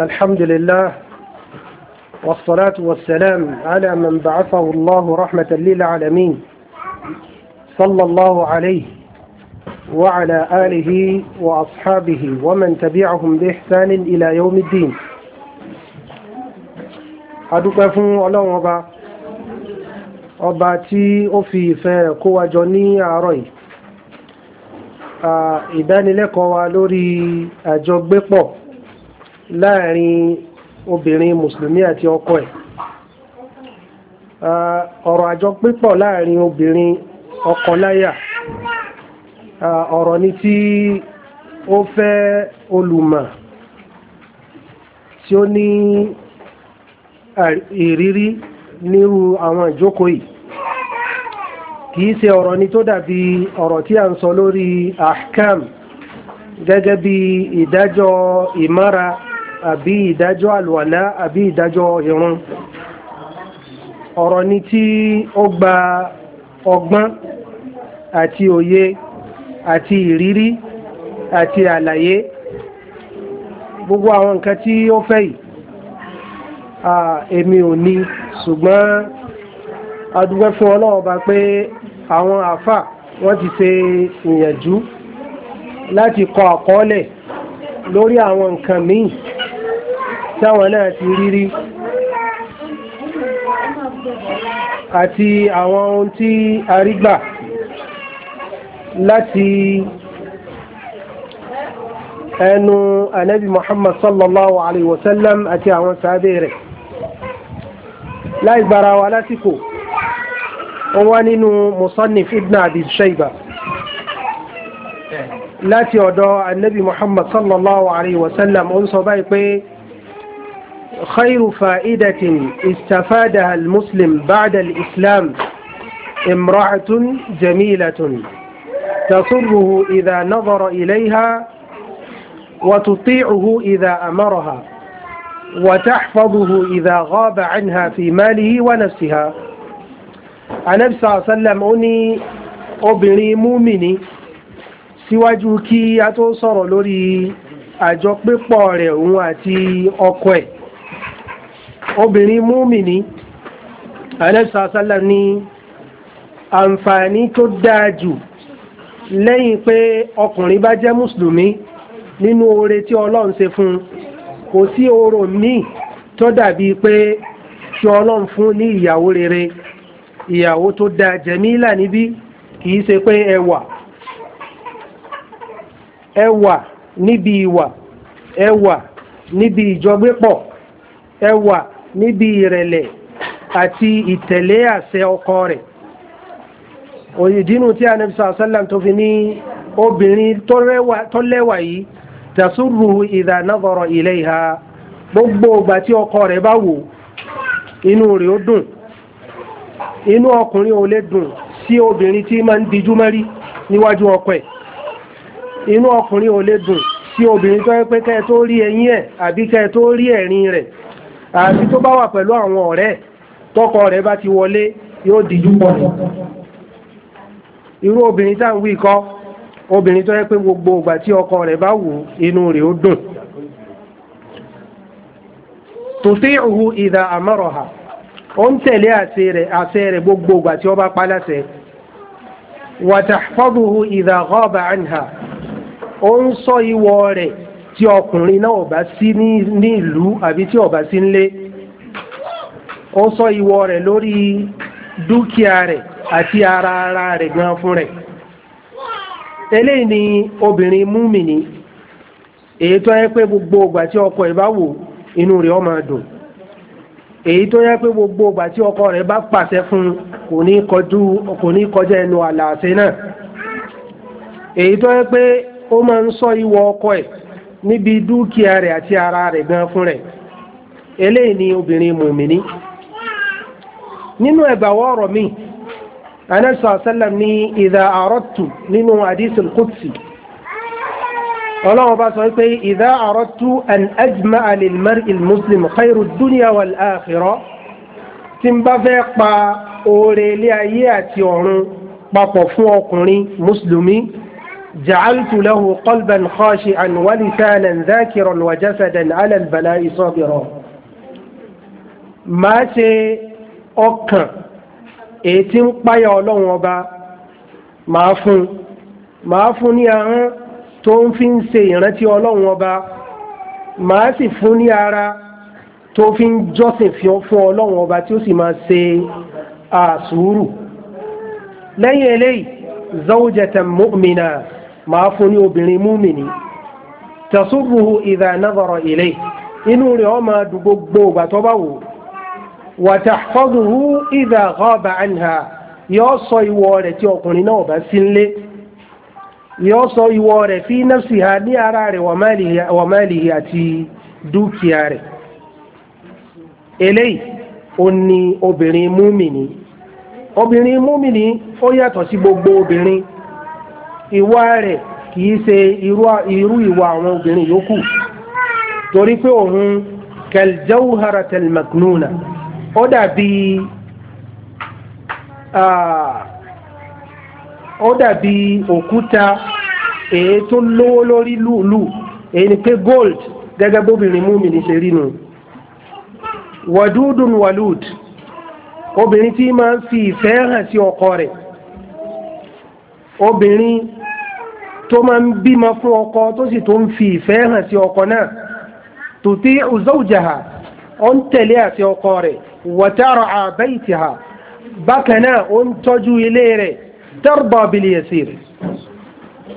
الحمد لله والصلاة والسلام على من بعثه الله رحمة للعالمين صلى الله عليه وعلى آله وأصحابه ومن تبعهم بإحسان إلى يوم الدين أدوك fún الله ọba ọba تي أفي fi جوني rẹ̀ إباني لك jọ ní àárọ̀ láàrin obìnrin mùsùlùmí àti ọkọ ẹ̀ ah, ọ̀rọ̀ àjọ pípọ̀ láàrin obìnrin ọkọ láyà ah, ọ̀rọ̀ ni tí ó fẹ́ olùmọ̀ tí ó ní ìrírí nírú àwọn ìjókòó yìí kìí ṣe ọ̀rọ̀ ni tó dàbí ọ̀rọ̀ tí a ń sọ lórí ahkam gẹ́gẹ́ bí ìdájọ́ ìmára àbí ìdájọ́ àlùwàlá àbí ìdájọ́ ìrun ọ̀rọ̀ ni tí ó gba ọgbọ́n àti òye àti ìrírí àti àlàyé gbogbo àwọn nǹkan tí ó fẹ́ yìí èmi ò ní ṣùgbọ́n adúgbẹ́ fún Ọlọ́run bá pé àwọn àfà wọ́n ti ṣe ìyànjú láti kọ àkọọ́lẹ̀ lórí àwọn nǹkan míì táwọn náà ti rírí àti àwọn ohun tí a rí gbà láti ẹnu anabi muhammad sallallahu alaihi wasallam àti àwọn sàábé rẹ̀ láì gbára wa lásìkò ó wá nínú musannif ibn abi shayba láti ọ̀dọ̀ annabi muhammad sallallahu alaihi wasallam ó ń sọ báyìí pé خير فائدة استفادها المسلم بعد الإسلام امرأة جميلة تصره إذا نظر إليها وتطيعه إذا أمرها وتحفظه إذا غاب عنها في ماله ونفسها أنا صلى الله عليه وسلم أني ní obìnrin سوى جوكي kí a tó sọ̀rọ̀ lórí obìnrin múmìnì anẹ́sàásálà ní àǹfààní tó dáa jù lẹ́yìn pé ọkùnrin bá jẹ́ mùsùlùmí nínú oore tí ọlọ́run ṣe fún kò sí oore míì tó dàbí pé kí ọlọ́run fún ní ìyàwó rere ìyàwó tó dáa jẹ̀mílà níbí kìí ṣe pé ẹwà ẹwà níbi ìwà ẹwà níbi ìjọgbépọ̀ ẹwà níbi ìrẹ̀lẹ̀ àti ìtẹ̀lé àṣẹ ọkọ rẹ̀ òyìdínú tí a nẹ́bí sàásálàm tó fi ní obìnrin tó lẹ́wà yìí tẹ̀sùrù idha nadhara ilayha gbogbo ìgbà tí ọkọ rẹ̀ bá wò inú rẹ̀ ó dùn inú ọkùnrin ò lè dùn sí obìnrin tí ma ń dijú mẹ́rí níwájú ọkọ ẹ̀ inú ọkùnrin ò lè dùn sí obìnrin tó yẹ pé kẹ́ẹ̀ tó rí ẹyín ẹ̀ àbí kẹ́ẹ̀ tó rí ẹ̀rín rẹ̀ àti tó bá wà pẹ̀lú àwọn ọ̀rẹ́ tọkọ rẹ̀ bá ti wọlé yóò dìjú pọ̀ irú obìnrin tá ń wí kọ́ obìnrin tó yẹ pé gbogbo ìgbà tí ọkọ rẹ̀ bá wù inú rẹ̀ ó dùn tòsíhù ìdá àmọ́rọ̀hà ó ń tẹ̀lé àṣẹ rẹ̀ gbogbo ìgbà tí ó bá pálásẹ̀ wàtàfọ́bùhù ìdá gọ́ọ̀bà àǹhà ó ń sọ ìwọ rẹ̀ tí ọkùnrin náà ọba sí ní ìlú àbí tí ọba sí ńlé ó sọ ìwọ rẹ̀ lórí dúkìá rẹ̀ àti ara ara rẹ gan fún rẹ̀ eléyìí ni obìnrin múmìnì èyí tó yẹ pé gbogbo ìgbà tí ọkọ ẹ̀ bá wò inú rẹ̀ ó máa dùn èyí tó yẹ pé gbogbo ìgbà tí ọkọ rẹ̀ bá pàṣẹ fún kò ní kọjá ẹnu àlàáfẹ́ náà èyí tó yẹ pé ó máa ń sọ ìwọ ọkọ e. níbi dúkìá rẹ̀ àti ara rẹ̀ gan fún rẹ̀ eléyìí ni obìnrin mùmíní nínú ẹ̀bàwọ́ ọ̀rọ̀ mi anẹ́sọ̀ sẹ́lẹ̀m ní ìdá àrọ́tù nínú àdísì kùtì ọlọ́wọ́ bá sọ pé ìdá àrọ́tù an ajma alilmar ilmuslim khairu duniya wal akhirah tí ń bá fẹ́ pa oore ilé ayé àti ọ̀run papọ̀ fún ọkùnrin mùsùlùmí جعلت له قلبا خاشعا ولسانا ذاكرا وجسدا على البلاء صابرا máa ṣe ọkàn èyí tí ń páyà ọlọ́run ọba máa fún máa fún ní ahọ́n tó ń fi ń ṣe ìrántí ọlọ́run ọba máa sì fún ní ara tó fi ń jọ́sìn fún ọlọ́run ọba tí ó sì máa ṣe àsùúrù lẹ́yìn eléyìí zawjatan mu'mina máa fún ní obìnrin múmìnì tẹ̀sùrùhù ìdá nàbọ̀rọ̀ ilé inú rẹ̀ ọ máa dùn gbogbo ìgbà tó bá wò wàtà fọ́dùhù ìdá ọba àníhà yóò sọ ìwọ rẹ̀ tí ọkùnrin náà bá sí nlé yóò sọ ìwọ rẹ̀ fi nafsiha ní ara rẹ̀ wà máàlìhì àti dúkìá rẹ̀ eléyìí ó ní obìnrin múmìnì obìnrin múmìnì ó yàtọ̀ sí gbogbo obìnrin ìwà rẹ̀ kìí ṣe irú ìwà àwọn obìnrin yòókù torí pé òun kẹljẹ́wùhara tẹlmẹ̀kúnúnà ó dàbí ó dàbí òkúta èyí tó lówó lórí lùlù èyí ni pé gold gẹ́gẹ́ bóbìnrin múmi ní ṣe rínu wàdúdùn wàlúùd obìnrin tí máa ń fi ìfẹ́ hàn sí ọkọ rẹ̀ obìnrin tó máa ń bímọ fún ọkọ tó sì tó ń fi ìfẹ́ hàn sí ọkọ náà tòtí zawjaha ó ń tẹ̀lé àti ọkọ rẹ̀ wa tar'a baytaha bákan náà ó ń tọ́jú ilé rẹ̀ tarba bil yasir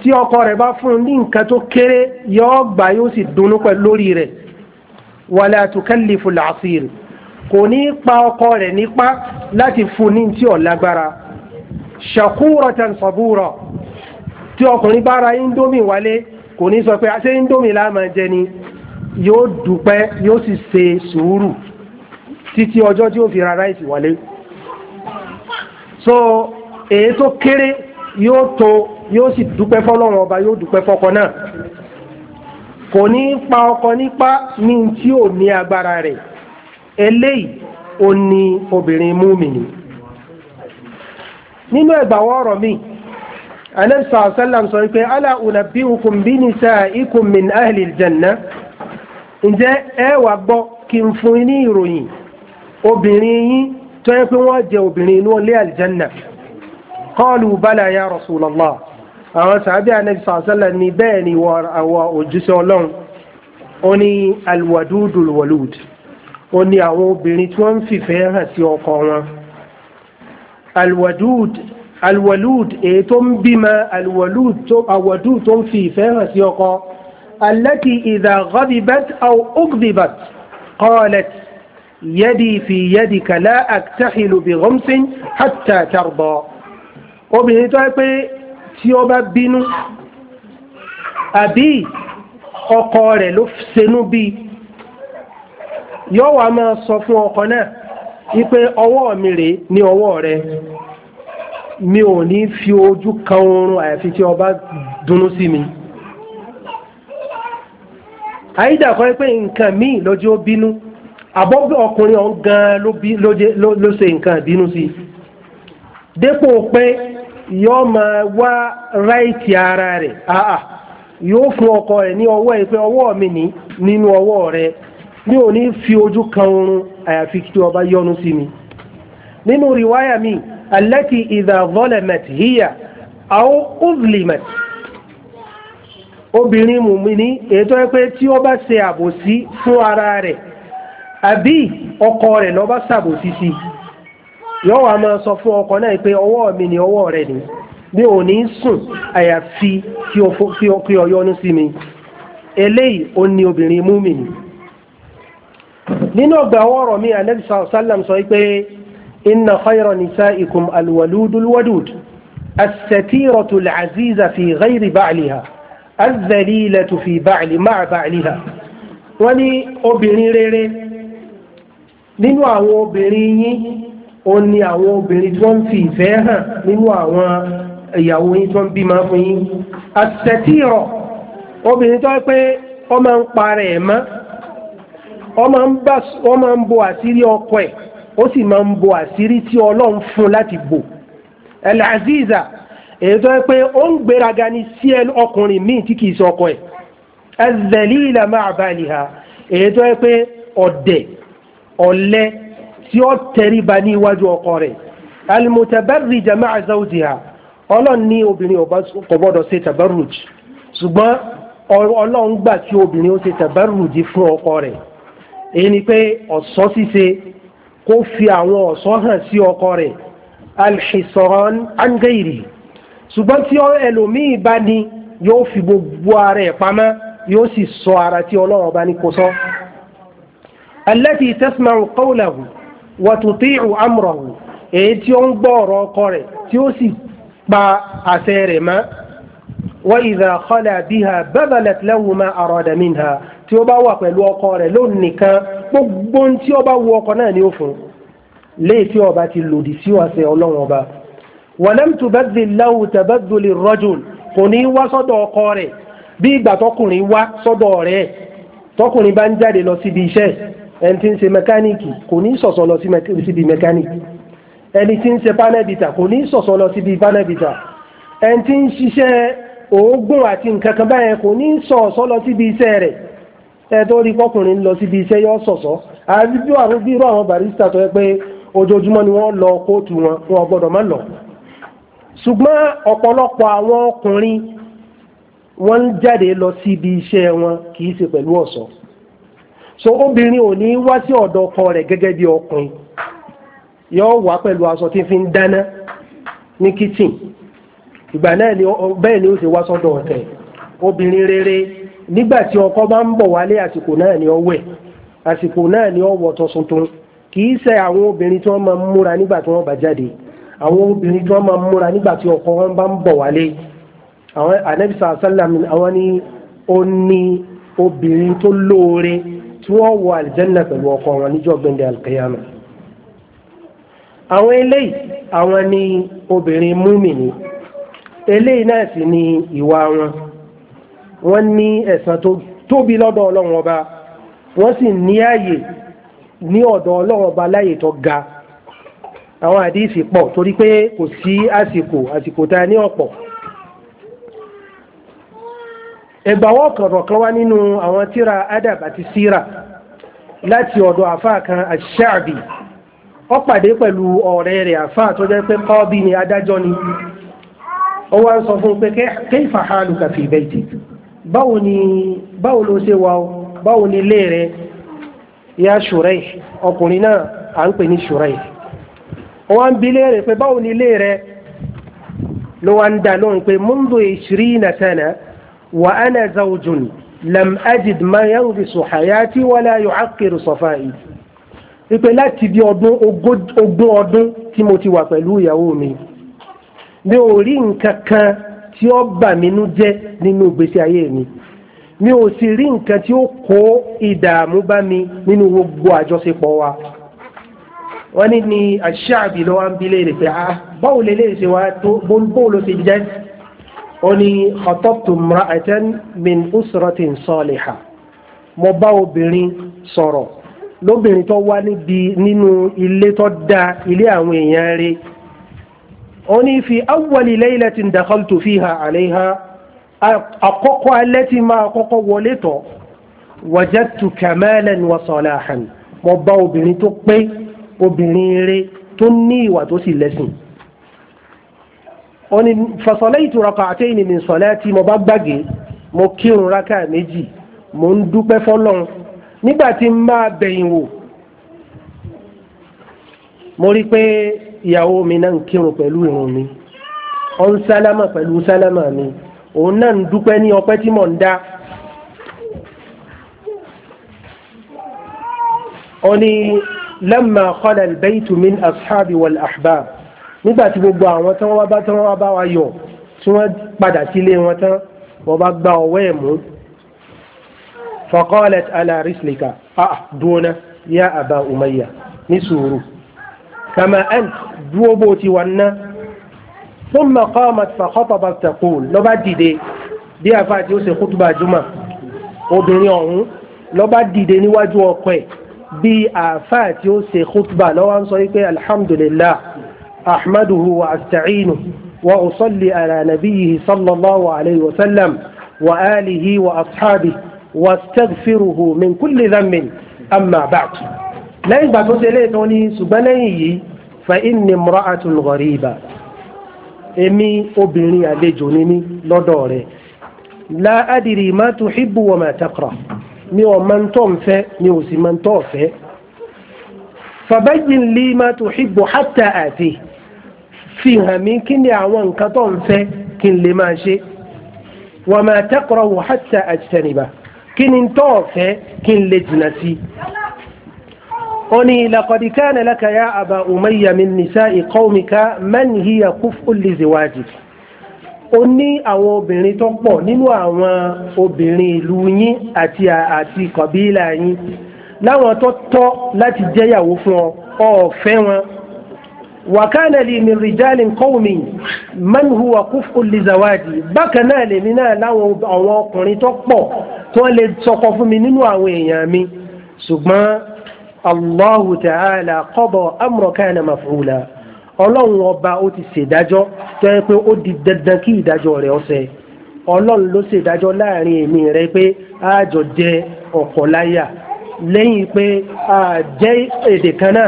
tí ọkọ rẹ̀ bá fún ní nǹkan tó kéré yóò gbà yóò sì dunnú lórí rẹ̀ wala tukallifu al-asir kò ní pa ọkọ rẹ̀ nípa láti fún ní tí ò lágbára ṣàkúrọ̀tàn sọ̀búrọ̀ tí ọkùnrin bá ra indomie wálé kò ní sọ pé a ṣe indomie láàmà jẹ ni yóò dúpẹ́ yóò sì ṣe sùúrù títí ọjọ́ tí ó fi ra ráìsì wálé so èyí tó kéré yóò tó yóò sì dúpẹ́ fọ́lọ́run ọba yóò dúpẹ́ fọ́kọ náà kò ní pa ọkọ nípa ní tí ò ní agbára rẹ̀ eléyìí ó ní obìnrin múmi nìí nínú ẹgbàwọ́ ọ̀rọ̀ mi anẹ́bùsà ọ̀sẹ́làm sọ pé ala unabbi'ukum bi nisa'ikum min ahli aljanna ǹjẹ́ ẹ wà gbọ́ kí n fún ní ìròyìn obìnrin yín tó yẹ pé wọ́n jẹ obìnrin inú ilé aljanna qalu bala ya rasulallah àwọn sàábí anẹ́bùsà ọ̀sẹ́làm ní bẹ́ẹ̀ ni wọ òjúṣe ọlọ́run ó ní alwadudul walud ó ní àwọn obìnrin tí wọ́n ń fìfẹ́ hàn sí ọkọ wọn الودود الولود اي توم بما الولود توم او ودود توم في فيرس يوقا التي اذا غضبت او اكذبت قالت يدي في يدك لا اكتحل بغمس حتى ترضى وبني توي تي او با بينو ابي اوكو ري لو سينو بي يو وا ما سو فون اوكو Ipe ọwọ́ mi rèé ní ọwọ́ rẹ mi ò ní fi ojú kan oorun àyàfi tí ọba dunu sí mi àyíjà pé nǹkan míì lọ́jọ́ ó bínú àbọ́gbẹ́ ọkùnrin ọ̀hún gan-an ló ṣe nǹkan bínú sí dépò pé yóò máa wá ráìtì ara rẹ̀ yóò fún ọkọ rẹ̀ ní ọwọ́ ẹ̀ mi ní nínú ọwọ́ mi o ní fi ojú kan oorun àyàfi ọba yọ́nú sí mi nínú riwaya mi allati idha zalamat hiya aw uzlimat obìnrin mùmíní ètò ẹ tí ó bá ṣe àbòsí fún ara rẹ̀ àbí ọkọ rẹ̀ na bá ṣàbòsí sí yóò wá máa sọ fún ọkọ náà pé ọwọ́ mi ni ọwọ́ ni mi ò ní sùn àyàfi kí o yọ́nú sí mi eléyìí ó ní obìnrin mùmíní nínú ọgbà ọ̀rọ̀ mi anabi sallam sọ pé inna khayra nisaikum alwaludul wadud as-satiratu al-aziza fi ghayri ba'liha az-zalilatu fi ba'li ma'a ba'liha wọ́n ní obìnrin rere nínú àwọn obìnrin yín ó ní àwọn obìnrin tí wọ́n ń fi ìfẹ́ hàn nínú àwọn ìyàwó yín tí ń bímọ fún yín àtẹ̀tìrọ̀ obìnrin tó pé ó ń parẹ́ mọ́ ọ máa ń bo àṣírí ọkọ ẹ̀ ó sì máa ń bo àṣírí tí ọlọ́run fún láti bò Al-Aziza èyí tó yẹ pé ó ń gbéraga ní sí ọkùnrin míì tí kìí sọkọ ẹ̀ Az-Zalila ma'a baliha èyí tó yẹ pé ọ̀dẹ̀ ọ̀lẹ tí ó tẹríba ní iwájú ọkọ rẹ̀ Al-Mutabarrija ma'a zawjiha ọlọ́run ní obìnrin kò gbọ́dọ̀ ṣe tabarruj ṣùgbọ́n ọlọ́run gbà tí obìnrin ó ṣe tabarruj fún ọkọ rẹ̀ èyí ni pé ọ̀ṣọ́ ṣíṣe kó fi àwọn ọ̀ṣọ́ hàn sí ọkọ rẹ̀ alhisoran angeiri ṣùgbọ́n tí ẹlòmíì bá ní yóò fi gbogbo ara ẹ̀ pamọ́ yóò sì sọ ara tí ọlọ́run bá ní kó sọ. allati tasma'u qawlahu wa tuti'u amrahu èyí tí ó ń gbọ́ ọ̀rọ̀ ọkọ rẹ̀ tí ó sì pa àṣẹ rẹ̀ mọ́. wa idha khala biha bazalat lahu ma arada minha tí ó bá wà pẹ̀lú ọkọ rẹ̀ lóun nìkan gbogbo tí ó bá wu ọkọ náà ni ó fún léè tí ọba ti lòdì sí ọ̀sẹ̀ ọlọ́run ọba wàlẹ́m tùbẹ́dì láwù tẹ̀bẹ́dùlì rọ́jùl kò ní wá sọ́dọ̀ ọkọ rẹ̀ bí ìgbà tọkùnrin wá sọ́dọ̀ rẹ̀ tọkùnrin bá ń jáde lọ síbi iṣẹ́ ẹni tí ń ṣe mẹkáníìkì kò ní sọ̀sọ̀ lọ síbi mẹkáníìkì ẹni tí ń ṣe pánẹ́bìtà kò ní sọ̀sọ̀ lọ síbi pánẹ́bìtà ẹni tí ń ṣiṣẹ́ òógùn àti nǹkan kan báyẹn kò ní sọ̀sọ̀ lọ síbi iṣẹ́ rẹ̀ ẹ̀tọ́ rí kọkùnrin lọ síbi iṣẹ́ yọ sọ̀sọ́ àti bí irú àwọn barista tó yẹ pé ojoojúmọ́ ni wọ́n lọ kóòtù wọn wọn gbọ́dọ̀ má lọ ṣùgbọ́n ọ̀pọ̀lọpọ̀ àwọn ọkùnrin wọ́n ń jáde lọ síbi iṣẹ́ wọn kì í ṣe pẹ̀lú ọ̀ṣọ́ so obìnrin ò ní wá sí ọ̀dọ̀ ọkọ rẹ̀ gẹ́gẹ́ bí ọkùnrin yóò wá pẹ̀lú aṣọ tí fi ń dáná ní kitchen ìgbà náà bẹ́ẹ̀ ni ó ṣe wá sọ́dọ̀ ọ̀tẹ̀ obìnrin rere nígbà tí ọkọ bá ń bọ̀ wálé àsìkò náà ni ó wẹ̀ àsìkò náà ni ó wọ̀ tọ̀sùn tó kì í ṣe àwọn obìnrin tí wọ́n máa ń múra nígbà tí wọ́n bá jáde àwọn obìnrin tí wọ́n máa ń múra nígbà tí ọkọ wọn bá ń bọ̀ wálé àwọn anabisa asálàmù àwọn ni ó ní obìnrin tó lóore tí wọ́n wọ àlìjẹ́nà pẹ̀lú ọkọ wọn níjọ́ gbẹ̀ndẹ̀ alkiyama àwọn eléyìí àwọn ni obìnrin múmìnì eléyìí náà sì ni ìwà wọn wọ́n ní ẹ̀san tó tóbi lọ́dọ̀ ọlọ́run ọba wọ́n sì ní ààyè ní ọ̀dọ̀ ọlọ́run ọba láyè tó ga àwọn àdíìsì pọ̀ torí pé kò sí àsìkò àsìkò tá a ní ọ̀pọ̀ ẹgbàwọ́ kọ̀rọ̀ kan wá nínú àwọn tíra adab àti síra láti ọ̀dọ̀ àfáà kan àṣàbì ó pàdé pẹ̀lú ọ̀rẹ́ rẹ̀ àfáà tó jẹ́ pé kọ́ọ̀bí ni adájọ́ ni ó wá ń sọ fún pé kayfa haluka fi baytik báwo ni báwo ló ṣe wà báwo ni ilé rẹ ya ṣùrẹ́ ọkùnrin náà à ń pè ní ṣùrẹ́ wọ́n ń bi léèrè pé báwo ni ilé rẹ ló wá ń dà lóhùn pé mundu ishirina sana wa ana zawjun lam ajid ma yanqisu hayati wala yu'aqqiru safa'i ìpè láti bí ọdún ogún ọdún tí mo ti wà pẹ̀lú ìyàwó mi mi ò rí nǹkan kan tí ó bà mínú jẹ́ nínú ìgbésí ayé mi mi ò sì rí nǹkan tí ó kó ìdààmú bá mi nínú gbogbo àjọṣepọ̀ wa wọ́n ní ni àṣàbì lọ́wọ́ ń bi léèrè pé a ah, báwo lè léèṣe wa tó bóńbó ló ti jẹ́ ó ní khatabtu imra'atan min usratin salihah mo bá obìnrin sọ̀rọ̀ lóbìnrin tó wá níbi nínú ilé tó dáa ilé àwọn èèyàn rẹ̀ ó ní fi awwali laylatin dakhaltu fiha alayha àkọ́kọ́ alẹ́ tí máa kọ́kọ́ wọlé tọ̀ wajadtu kamalan wa salahan mo bá obìnrin tó pé obìnrin rere tó ní ìwà tó sì lẹ́sìn ó fa salaytu rak'atayn min salati mo bá mo kírun rákà méjì mo ń dúpẹ́ fọ́lọ́run nígbà n máa bẹ̀yìn wò mo rí pé ìyàwó mi náà ń kírun pẹ̀lú ìrun mi ó ń sálámà pẹ̀lú sálámà mi òun náà ń dúpẹ́ ní ọpẹ́ tí mò ń dá ó ní lamma qala al-baytu min ashabi wal ahbab nígbà tí gbogbo àwọn tí wọ́n bá tí wọ́n bá wa yọ̀ tí wọ́n padà sílé wọn tán wọ́n bá gba ọwọ́ ẹ̀ mú faqalat ala rislika ah dúnà ya aba umayya ní كما أنت دوبوتي وانا ثم قامت فخطبت تقول لو بعد دي دي أفاتي وسي خطبة جمعة obìnrin ọ̀hún lọ bá dìde níwájú ọkọ ẹ̀ bí àáfáà tí ó ṣe khutba lọ́wọ́ ń sọ wípé alhamdulillah ahmaduhu wa asta'inu wa usalli ala nabiyyihi sallallahu alayhi wa sallam wa alihi wa ashabi wa astaghfiruhu min kulli dhanbin amma ba'd lẹ́yìn ìgbà tó ṣe léètọ́ ní ṣùgbọ́n lẹ́yìn yìí فإني امرأة غريبة èmi obìnrin àlejò ni mí lọ́dọ̀ rẹ̀ la adìrì má tu hibbu wa ma taqra mi ò máa ń tọ́ ń fẹ́ mi ò sì máa ń tọ́ fẹ́ fàbáyìn lè má tu hibbu hatta àti fi hàn kí ni àwọn nǹkan tó ń fẹ́ kí lè máa ṣe wa ma taqra wò hatta àjtẹnìbà oni لقد كان لك يا أبا umayya من nisa'i قومك من هي kuf'un لزواجك zawajik ó ní àwọn obìnrin tó pọ̀ nínú àwọn obìnrin ìlú yín àti àti kọ̀bílà yín láwọn tó tọ́ láti jẹ́yàwó fún ọ ọ̀fẹ́ wọn wa kana li min rijalin qaumi man huwa kuf'un li zawaji bákan náà lèmi náà láwọn àwọn ọkùnrin tó pọ̀ tó lè sọkọ mi nínú àwọn èèyàn mi ṣùgbọ́n allahu ta'ala qada amra kana maf'ula ọlọ́run ọba ó ti ṣèdájọ́ tó yẹ pé ó di dandan kí ìdájọ́ rẹ̀ ọ̀sẹ̀ ọlọ́run ló ṣèdájọ́ láàrin èmi rẹ̀ pé àjọ jẹ ọ̀kọ̀ láyà lẹ́yìn pé àjẹ́ èdè kan náà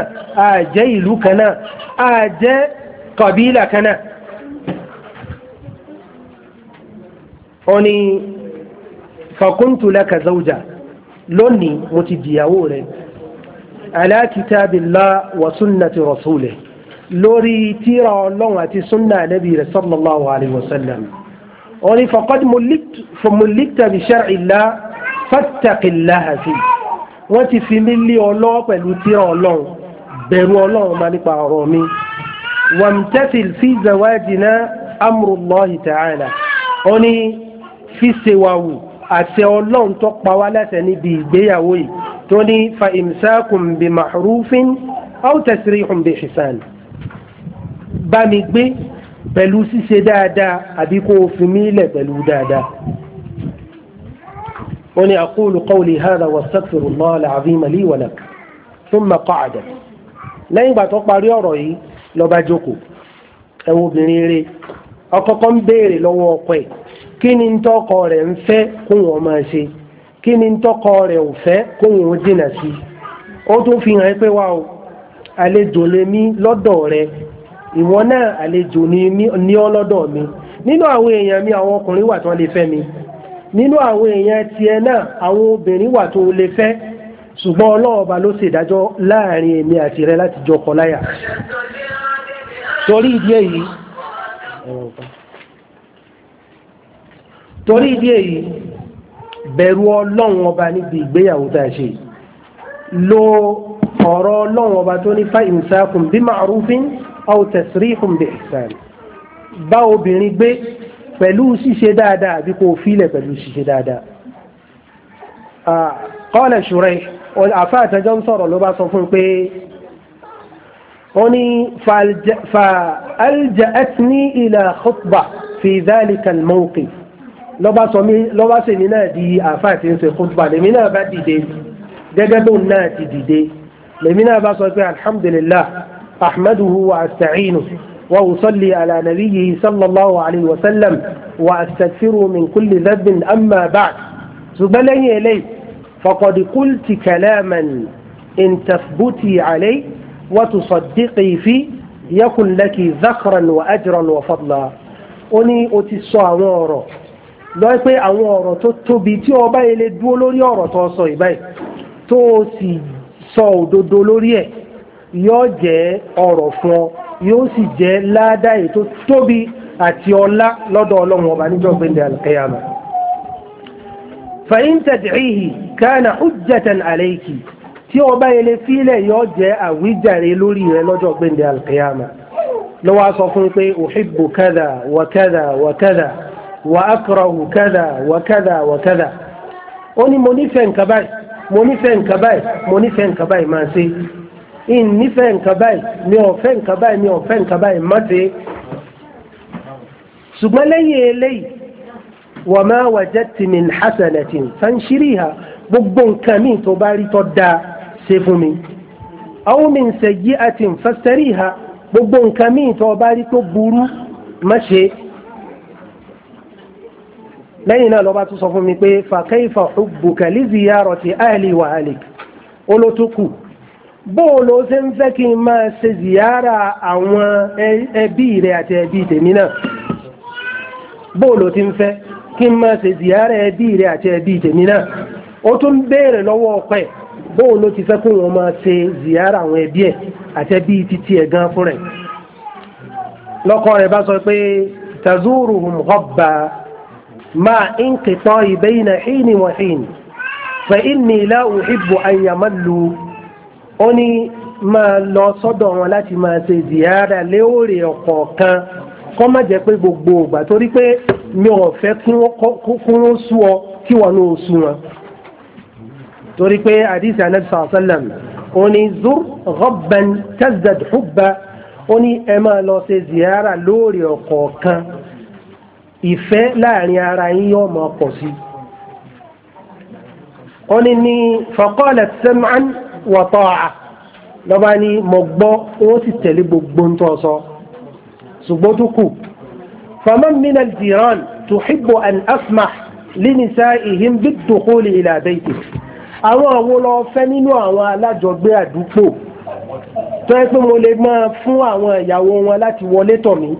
àjẹ́ ìlú kan náà àjẹ́ kàbílà kan náà ó ní fakuntu lónìí mo ti dìyàwó rẹ̀ ala kitabillah wa sunnati rasulih lórí tírà ọlọ́run àti sunna nabi rẹ̀ sallallahu alayhi wa sallam wọ́n ní faqad mulikta bi shar'illah fattaqillaha fi wọ́n ti fi mí lé ọlọ́ pẹ̀lú tírà ọlọ́run bẹ̀rù ọlọ́run ma nípa ọ̀rọ̀ mi wamtathil fi zawajina amrullahi ta'ala wọ́n fi ṣèwàwù àṣẹ ọlọ́run tó pa wá láṣẹ níbi ìgbéyàwó yìí tó ní fa imsakun bi mahrufin aw tasrihun bi hisan bá mi gbé pẹ̀lú ṣíṣe dáadáa àbí kó o fi mí pẹ̀lú dáadáa. وني أقول قولي هذا واستغفر الله العظيم لي ولك ثم قعد lẹ́yìn ìgbà tó parí ọ̀rọ̀ yìí ló bá jókòó ẹ wo obìnrin rẹ̀ ọkọ kan béèrè lọ́wọ́ ọkọ ẹ̀ kí ni tọ́kọ rẹ̀ ń fẹ́ kóun ó máa ṣe kí ni tọkọ rẹ̀ ò fẹ́ kóhun ó dènà sí ó tún fi hàn pé wá o àlejò lè mí lọ́dọ̀ rẹ̀ ìwọ náà àlejò ní ọ lọ́dọ̀ mi nínú àwọn èèyàn mi àwọn ọkùnrin wà tó lè fẹ́ mi nínú àwọn èèyàn tiẹ̀ náà àwọn obìnrin wà tó lè fẹ́ ṣùgbọ́n ọlọ́ọ̀ba ló ṣèdájọ́ láàrin èmi àti rẹ láti jọ kọ láyà torí ìdí èyí torí ìdí èyí bẹ̀rù ọlọ́run ọba níbi ìgbéyàwó tá a ṣe lo ọ̀rọ̀ ọlọ́run ọba tó ní fa'imsakun bí ma'rufin aw tasrihun bi ihsan bá obìnrin gbé pẹ̀lú ṣíṣe dáadáa àbí kò filẹ̀ pẹ̀lú ṣíṣe dáadáa. qala Shuraih àfa àtẹjọ́ ń sọ̀rọ̀ ló bá sọ fún un pé ó ní fa alja'atni ila khutba fi dhalika al lọ́ba sọ mí lọ́ba sì mí náà di àáfàá tí ń ṣe kútùbà lèmi náà bá dìde gẹ́gẹ́ bó náà ti dìde lèmi náà bá sọ pé alhamdulillah ahmaduhu wa astainu wa usalli ala nabiyyi sallallahu alayhi wa sallam wa astaghfiru min kulli dhanbin amma ba'd ṣùgbọ́n lẹ́yìn eléyìí faqad qulti kalaman in tathbuti alayhi wa tusaddiqi fi yakun laki dhakran wa ajran wa fadla ó ní o ti sọ àwọn ọ̀rọ̀ lọ́wọ́ pé àwọn ọ̀rọ̀ tó tóbi tí ọba yẹn lè dúró lórí ọ̀rọ̀ tó sọ ìbáyìí tó o sì sọ òdodo lórí ẹ̀ yóò jẹ́ ọ̀rọ̀ fún ọ yóò sì jẹ́ ládàá èyí tó tóbi àti ọlá lọ́dọ̀ ọlọ́run ọba níjọ́ gbẹ̀ndẹ̀ alqiyama. wa kadha wa kadha wà á kọ̀rọ̀ kẹ́dà wà kẹ́dà wà kẹ́dà ó ní mo nífẹ̀ẹ́ nǹkan báyìí mo nífẹ̀ẹ́ nǹkan báyìí mo nífẹ̀ẹ́ nǹkan báyìí máa ṣe in nífẹ̀ẹ́ nǹkan báyìí mi ò fẹ́ nǹkan báyìí mi ò fẹ́ nǹkan báyìí má ṣe ṣùgbọ́n lẹ́yìn eléyìí wà máa wajadti min hasanatin fanshiriha gbogbo nǹkan míì tó bá rí tó dáa ṣe fún mi aw min sayyi'atin fastariha gbogbo nǹkan míì tó bá rí tó burú má ṣe lẹ́yìn náà lọ́ba tún sọ fún mi pé fa kayfa hubbuka li ziyarati ahli wa ahlik olótókù bóò ló ṣe ń fẹ́ kí n máa ṣe ziyara àwọn ẹbí rẹ̀ àti ẹbí tèmi náà bóò ló ti ń fẹ́ kí n máa ṣe ziyara ẹbí rẹ̀ àti ẹbí tèmi náà ó tún béèrè lọ́wọ́ ọ̀pẹ́ bóò ló ti fẹ́ kí wọ́n máa ṣe ziyara àwọn ẹbí ẹ̀ àti ẹbí títí ẹ̀ gan fún rẹ̀ lọ́kọ rẹ̀ bá sọ pé tazuruhum ghobba مع انقطاع بين حين وحين فإني لا أحب أن يملوا أني ما lọ sọ́dọ̀ wọn láti máa ṣe ziyara lórí ọ̀kọ̀ọ̀kan kọ́ má jẹ́ pé gbogbo ìgbà torí pé mi ò fẹ́ kún ó sú ọ kí wọn ó sú wọn torí pé àdìsí anabi sàlám ó ní zur ghobban ó ní ẹ máa lọ ṣe ziyara lórí ọ̀kọ̀ọ̀kan ìfẹ́ láàrin ara yín yóò máa pọ̀ sí i ó ní ní faqalat sam'an wa ta'a lọ́ba ní mo gbọ́ ó sì tẹ̀lé gbogbo ń tọ́ sọ ṣùgbọ́n tó kù faman min al-jiran tuhibbu an asmah linisa'ihim bid-dukhuli ila bayti àwọn àwọn lọ fẹ́ nínú àwọn alájọgbé àdúgbò tó yẹ pé mo lè máa fún àwọn ìyàwó wọn láti wọlé tọ̀ mí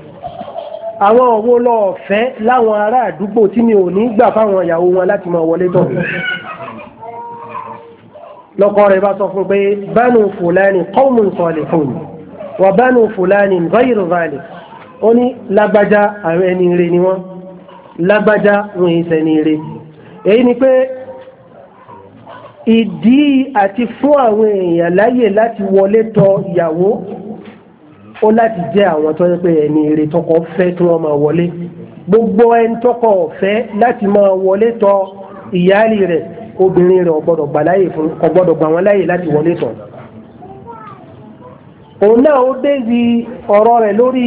àwọn òwò lọ́ọ̀fẹ́ láwọn ará àdúgbò tí mi ò ní gbà fáwọn ìyàwó wọn láti máa wọlé tọ̀ lọ́kọ rẹ̀ bá sọ fún pé bánú fòlání qawmun salihun wà bánú fòlání ghayru zalik ó ní lágbájá àwọn ó láti jẹ́ àwọn tó yẹ pé ẹni èrè tọkọ fẹ́ kí wọ́n máa wọlé gbogbo ẹni tọkọ ọ̀fẹ́ láti máa wọlé tọ̀ ìyáálì rẹ̀ obìnrin rẹ̀ ọ̀gbọ́dọ̀ gbà láyè fún ọ̀gbọ́dọ̀ gbà wọ́n láyè láti wọlé tọ̀ òun náà ó dézi ọ̀rọ̀ rẹ̀ lórí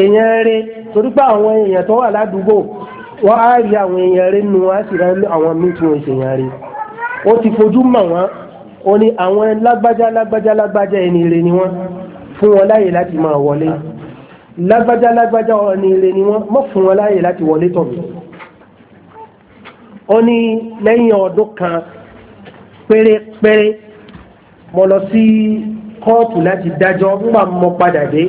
èèyàn rẹ̀ torí pé àwọn èèyàn tó wà ládùúgbò wọ́n á rí àwọn èèyàn rẹ̀ nù wọ́n á sì rí àwọn míì tí wọ́n ti fojú mọ̀ wọ́n ó ní àwọn lágbájá lágbájá lágbájá ẹni rẹ̀ ni wọ́n fún wọn láyè láti máa wọlé lágbájá lágbájá ọ̀ni ire ni wọ́n mọ́ fún wọn láyè láti wọlé tọ̀ mí ó ní lẹ́yìn ọdún kan pérépéré mo lọ sí kóòtù láti dájọ́ nígbà mo padà dé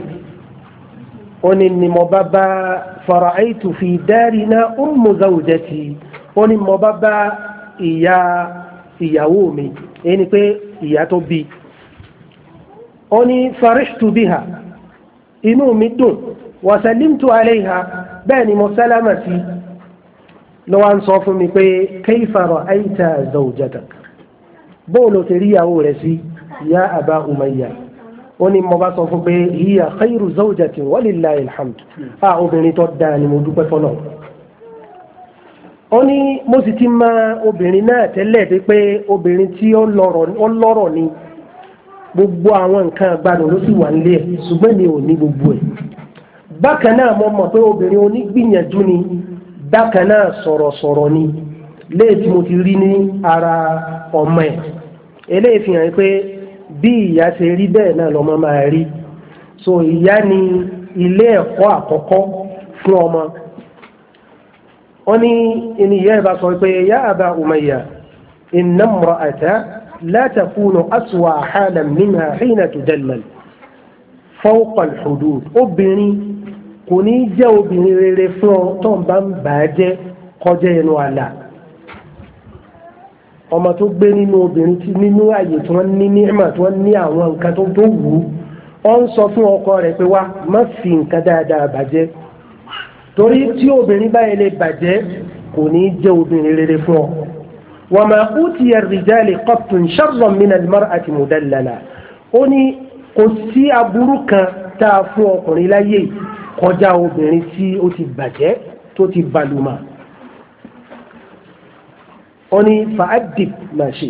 ó ní ni mo bá bá fara àìtù fi dárí náà ó mú zawjati ó ní mo bá bá ìyá ìyàwó mi èyí pé ìyá tó bíi ó ní farishtu biha inú mi dùn wasalimtu alayha bẹ́ẹ̀ ni mo sálámà sí ló wá ń sọ fún mi pé kayfa ra'ayta zawjatak bóòlù ti rí ìyàwó rẹ̀ sí ya aba umayya ó ní mo bá sọ fún pé hiya khayru zawjatin walillahi alhamd a obìnrin tó dáa ni mo dúpẹ́ fọ́nà ó ní mo sì ti ma obìnrin náà tẹ́lẹ̀ pé obìnrin tí ó lọ́rọ̀ ni gbogbo àwọn nǹkan àgbàdo ló sì wà nílé ẹ̀ ṣùgbọ́n mi ò ní gbogbo ẹ̀ bákan náà mo mọ̀ pé obìnrin onígbìyànjú ni bákan náà sọ̀rọ̀sọ̀rọ̀ ni léè tí mo ti rí ní ara ọmọ ẹ̀ eléyìí fi hàn pé bí ìyá ṣe rí bẹ́ẹ̀ náà lọ́mọ máa rí so ìyá ni ilé ẹ̀kọ́ àkọ́kọ́ fún ọmọ wọ́n ní ènìyàn ìbá sọ pé yá àbá Umayya innamra'ata لا تكون أسوأ حالا منها حين تدلل فوق الحدود obìnrin kò ní jẹ́ rere fún ọ tó ń bá ń bà á jẹ́ kọjá ẹnu àlà ọmọ tó gbé nínú obìnrin tí nínú àyè tí wọ́n ni níhìmà tí wọ́n ní àwọn nǹkan tó tó وما أوتي الرجال قط شرا من المرأة مدللا أني قصي أبروك تافوق لي kọjá obìnrin tí ó ti bàjẹ́ tó ti balùmà ó ní fàádìp máa ṣe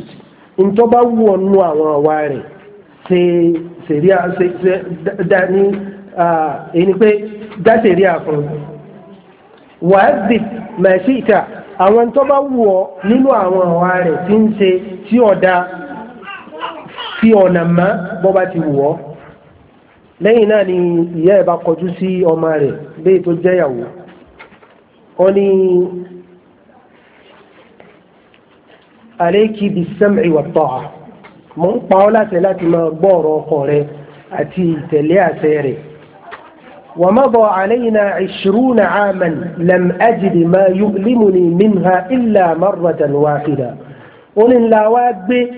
n tó bá wù ọ́nú àwọn ọ̀wá rẹ̀ ṣe ṣèrí dání ẹni pé dá ṣèrí àfún wàádìp máa ṣe ìta àwọn tó bá wù ọ nínú àwọn ọ̀wá rẹ̀ tí ń ṣe tí ọ̀dá fi ọ̀nà mọ́ bọ́bá ti wù ọ́ lẹ́yìn náà ni ìyá ẹ̀ kọjú sí ọmọ rẹ̀ léyìí tó jẹ́yàwó ó ní àlékí bí sẹ́mì wà tọ́ha ń pa ọ́ láti láti máa gbọ́ ọ̀rọ̀ ọkọ rẹ̀ àti ìtẹ̀lé àṣẹ rẹ̀ ومضى علينا عشرون عاما لم أجد ما يؤلمني منها إلا مرة واحدة قل لا واد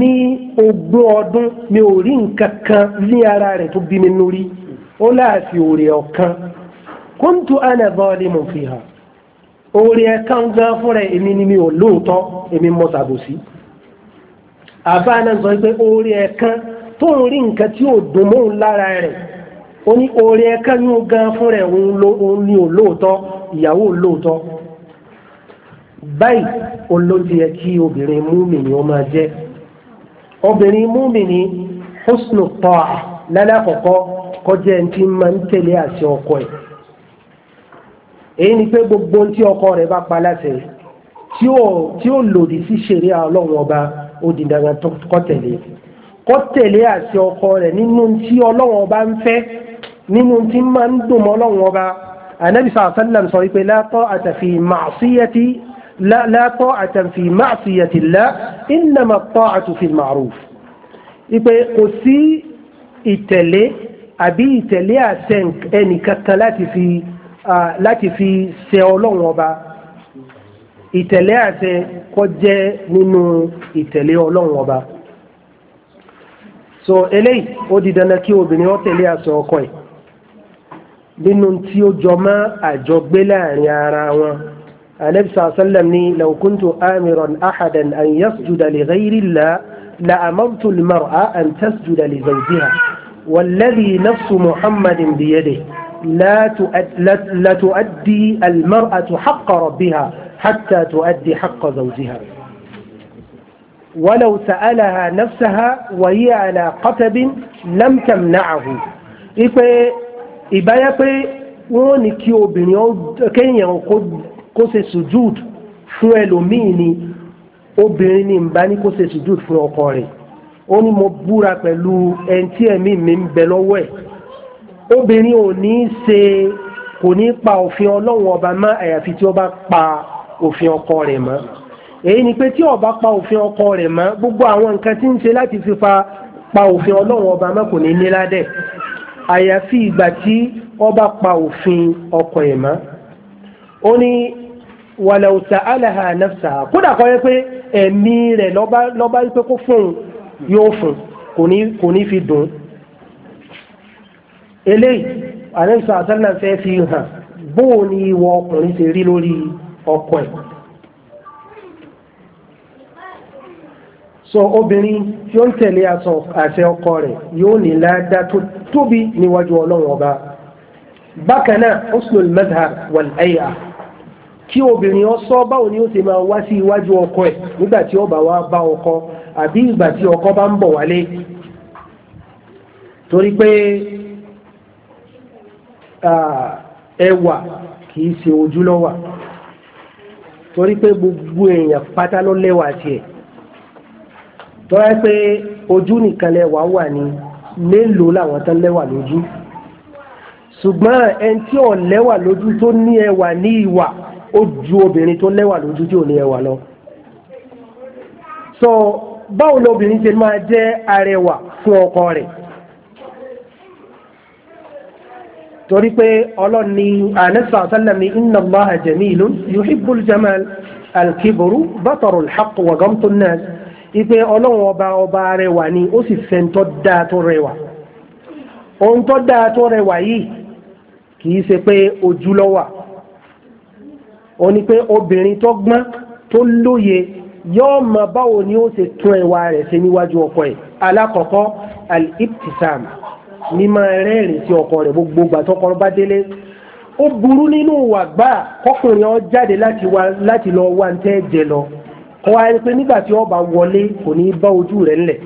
ní ogún ọdún mi ò rí nǹkan kan ní ara rẹ̀ tó bí mi nú rí ó láàfi òrè ọ̀kan kóńtù ànàbọ̀ ni mo fi hàn òrè ẹ̀kan gan fúnra èmi ni mi ò lóòótọ́ èmi mọ́ sàbòsí àbá náà sọ pé òrè ẹ̀kan tó ń rí nǹkan tí ò dùn mọ́ lára rẹ̀ ó ní oore ẹ̀ka ní ó gan fún rẹ̀ òun ní olóòótọ́ ìyàwó olóòótọ́ báyìí olóòótọ́ yẹ kí obìnrin múmìnì ó máa jẹ́ obìnrin múmìnì húsnù tọ́à lálàkọ̀kọ́ kọjá ẹni tí máa ń tẹ̀lé àṣẹ ọkọ ẹ̀ èyí ni pé gbogbo tí ọkọ rẹ̀ bá pa láṣẹ tí ó lòdì sí ṣẹ̀ríà Ọlọ́run ọba ó di dandan kó kó tẹ̀lé àṣẹ ọkọ rẹ̀ nínú tí ọlọ́wọ́n ọba ń fẹ́ nínú tí máa ń dùn mọ́ ọlọ́wọ́n ọba anabi sàlám sọ wípé la ta'ata fi ma'siyati la ta'ata fi ma'siyati Allah innama ta'atu fi ma'ruf ipe kò sí ìtẹ̀lé àbí ìtẹ̀lé àṣẹ ẹnìkankan láti fi láti fi ṣe ọlọ́wọ́n ọba ìtẹ̀lé àṣẹ kó nínú ìtẹ̀lé ọlọ́wọ́n ọba. so eleyi ó di dandan kí obìnrin ó tẹ̀lé àṣọ ọkọ ẹ̀ nínú tí ó jọ mọ́ àjọgbé láàrin ara wọn anabi sallam ni law kuntu amiran ahadan an yasjuda li ghayri llah la amartu a an tasjuda li zawjiha والذي نفس محمد بيده لا لا تؤدي المرأة hatta ربها حتى تؤدي حق زوجها ولو سألها نفسها وهي على قتب لم تمنعه ipe ìbáyá pé wọ́n ní kí obìnrin kéèyàn kó ṣe sùjúd fún ẹlòmíì ni obìnrin ní ìbá ní kó ṣe sùjúd fún ọkọ rẹ̀ ó ní mo búra pẹ̀lú ẹni tí ẹ̀mí mi ń bẹ lọ́wọ́ ẹ̀ obìnrin ò ní ṣe kò ní pa òfin ọlọ́run ọba mọ́ àyàfi tí ó bá pa òfin ọkọ rẹ̀ mọ́. èyí ni pé tí ọba pa òfin ọkọ rẹ̀ gbogbo àwọn nǹkan tí ń ṣe láti fi fa pa òfin ọlọ́run ọba mọ́ kò ní ní ládẹ̀ àyàfi ìgbà tí ọba pa òfin ọkọ ẹ̀ mọ́ ó ní wàlẹ̀ sa'alaha nafsaha kódà kọ́ yẹ pé ẹ̀mí rẹ̀ lọ́ba fi dùn eléyìí àlẹ́ fi hàn bóò ni ìwọ ọkùnrin rí lórí so obìnrin tí ó ń tẹ̀lé ọkọ rẹ̀ yóò ní ládàá tó tóbi níwájú ọlọ́run ọba bákan náà uslul wal hay'a kí obìnrin ó sọ báwo ni ó ti máa wá sí iwájú ọkọ ẹ̀ nígbà tí bá ọkọ àbí ìgbà tí ọkọ bá ń bọ̀ wálé torí pé ẹwà kìí ṣe ojú wa torí pé gbogbo èèyàn pátá ló lẹ́wà tiẹ̀ tọ́lá pé ojú nìkan lẹ́wà wà ní mélòó làwọn tán lẹ́wà lójú ṣùgbọ́n ẹni tí ò lẹ́wà lójú tó ní ẹwà ní ìwà ó ju obìnrin tó lẹ́wà lójú tí ò ní ẹwà lọ. so báwo lobìnrin ṣe máa jẹ́ arẹwà fún ọkọ rẹ̀ torí pé ọlọ́run ní anasa sallam ní inna allaha jamilun yuhibbul jamal alkibru batarul haqq wa gamtun nas ipe ọlọ́run ọba ọba rẹwà ni ó sì fẹ́ tó dáa tó rẹwà ohun tó dáa tó rẹwà yìí kìí ṣe pé ojú lọ́wà ó ní pé obìnrin tó gbọ́n tó lóye yóò mọ báwo ni ó ṣe tún ẹwà rẹ̀ ṣe níwájú ọkọ ẹ̀ alákọ̀ọ́kọ́ al-ibtisam ní máa rẹ́rìn sí ọkọ rẹ̀ gbogbo ìgbà tọkọ bá délé ó burú nínú wàgbà kọkùnrin ọ jáde láti lọ wá ń tẹ́ jẹ lọ kọ́ wa ẹni pé nígbà tí ọba wọlé kò ní bá ojú rẹ̀ ńlẹ̀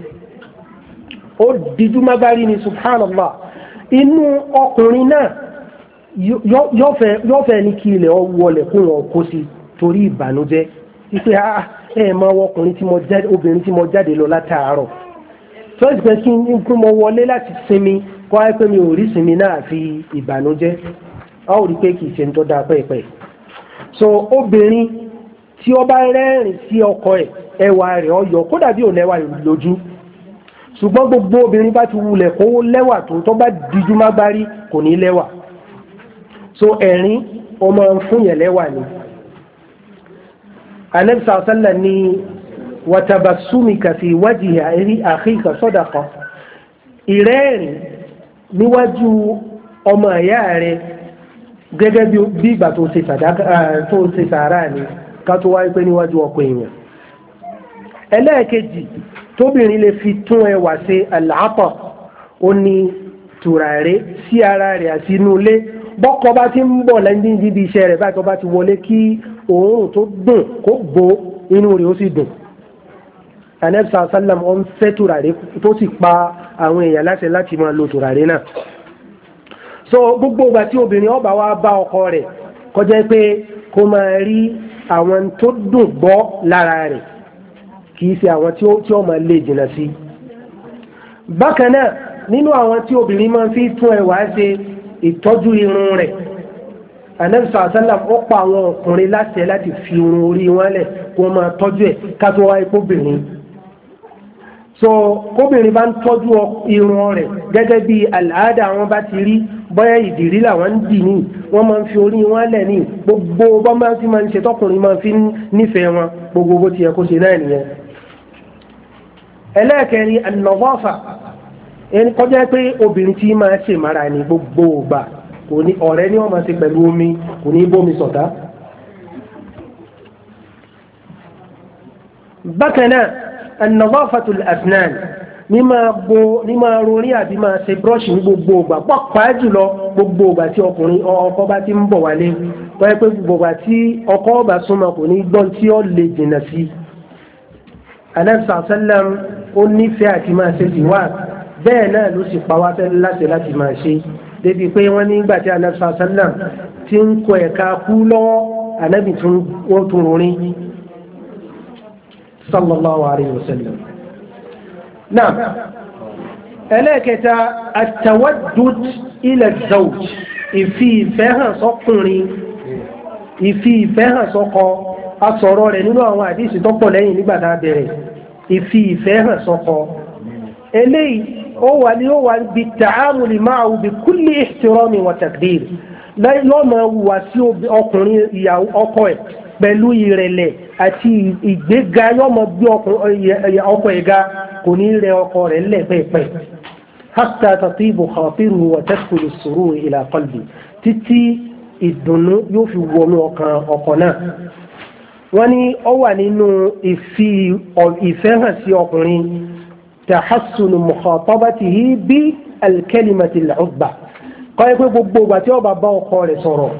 ó dijú má bá rí ni subhanallah inú ọkùnrin náà yọ́fẹ́ ní kí ilẹ̀ wọlẹ̀ kó wọn kó sí torí ìbànújẹ́ ipe a ah, ah, ẹ máa wọ ọkùnrin tí mo jáde obìnrin tí mo jáde lọ látàárọ̀ first person ń pín mo wọlé láti sinmi kó wáyé pé mi ò rí sinmi náà àfi ìbànújẹ́ a ò rí pé kì í ṣe ń tọ́ da pẹ́ẹ́pẹ́ so obìnrin tí ó bá rẹ́rìn sí ọkọ ẹ̀ ẹwà rẹ̀ ọyọ kódà bí ò lẹ́wà lójú ṣùgbọ́n gbogbo obìnrin bá ti wulẹ̀ kó lẹ́wà tó tó bá díjú má gbárí kò ní lẹ́wà so ẹ̀rín ọmọ fún lẹ́wà ni anẹ́bísà ọ̀sánlá ni wàtàbàsúmìkà sí ìwádìí àìrí àkíkà sọ́dàkọ́ ìrẹ́rìn níwájú ọmọ ìyá rẹ̀ gẹ́gẹ́ bí ìgbà tó ṣe sàárà ni ká tó wáyé pé níwájú ọkọ èèyàn ẹlẹ́ẹ̀kejì tóbìnrin lè fi tún ẹwà ṣe àlàápọ̀ ó ní tùràrí sí ara rẹ̀ àti inú ilé bọ́kọ bá ti ń bọ̀ lẹ́yìn níbi iṣẹ́ rẹ̀ báyìí tó bá ti wọlé kí òórùn tó dùn kó bo inú rẹ̀ ó sì dùn anẹ́bísà sálàm ó fẹ́ tùràrí tó sì pa àwọn èèyàn láṣẹ láti máa lo tùràrí náà so gbogbo ìgbà tí obìnrin ó bá wá bá ọkọ rẹ̀ kọjá pé kó máa rí àwọn tó dùn gbọ́ lára rẹ̀ kìí ṣe àwọn tí ó máa lè jìnà sí bákan náà nínú àwọn tí obìnrin máa fi tún ẹwà ṣe ìtọ́jú irun rẹ̀ anẹ́bùsọ̀ àṣálà ó pa àwọn ọkùnrin láti ẹ láti fi irun orí wọn lẹ̀ kó máa tọ́jú ẹ̀ ká tó wáyé kóbìnrin so kóbìnrin bá ń tọ́jú irun rẹ̀ gẹ́gẹ́ bí àlàáda wọn bá ti rí bóyá ìdìrí làwọn ń dì ní wọ́n máa ń fi orí wọn lẹ̀ ní gbogbo bọ́n máa fi máa ń ṣe tọkùnrin máa fi nífẹ̀ẹ́ wọn gbogbo bó ti yẹ kó ṣe náà nìyẹn. ẹlẹ́ẹ̀kẹrin ànàwọ́fà ẹni kọjá pé obìnrin tí máa ṣe mara ní gbogbo ògbà ọ̀rẹ́ ni wọ́n máa ṣe pẹ̀lú omi kò ní bómi sọ̀dá. bákan náà ànàwọ́fà tó lè àfínàn ní máa bo ní máa rorí àbí máa ṣe brush ní gbogbo ògbà pàápàá jùlọ gbogbo ògbà tí ọkùnrin ọkọ bá ti ń bọ̀ wálé wáyé pé gbogbo ògbà tí ọkọ ọba súnmọ́ kò ní gbọ́n tí ó lè jìnnà sí i. anabisa sallam ó nífẹ̀ẹ́ àti máa ṣe sí wá bẹ́ẹ̀ náà ló sì pa wá fẹ́ láṣẹ láti máa ṣe débi pé wọ́n nígbà tí anabisa sallam ti ń kọ ẹ̀ka kú lọ́wọ́ anabi tún tún rorin sallallahu alayhi wa sallam náà ẹlẹ́ẹ̀kẹta àtàwádùt ilẹ̀ zawj ìfi ìfẹ́ hàn sọ́kùnrin ìfi ìfẹ́ hàn sọ́kọ asọ̀rọ̀ rẹ̀ nínú àwọn àdísì tó pọ̀ lẹ́yìn nígbà tá a bẹ̀rẹ̀ ìfi ìfẹ́ hàn sọ́kọ eléyìí ó wà ní ó wà bí tààmùlì máa wù bí kúlì ìhtìrọ́mì wa taqdir lọ́mọ wùwà sí ọkùnrin ìyàwó ọkọ ẹ̀ pẹ̀lú ìrẹ̀lẹ̀ àti ìgbéga yọmọ bí ọkọ ẹ̀ga kò ní rẹ ọkọ rẹ̀ lẹ́pẹ̀pẹ̀ hatta tatibu khatiru wa tadkhulu sururu ila qalbi títí ìdùnnú yóò fi wọnú ọkàn ọkọ náà wọ́n ní ó wà nínú ìfẹ́ hàn sí ọkùnrin tàhásùnù mukhatabatihi bí alkalimati al'udba kọ́ ẹ pé gbogbo ìgbà tí ó bá ọkọ rẹ̀ sọ̀rọ̀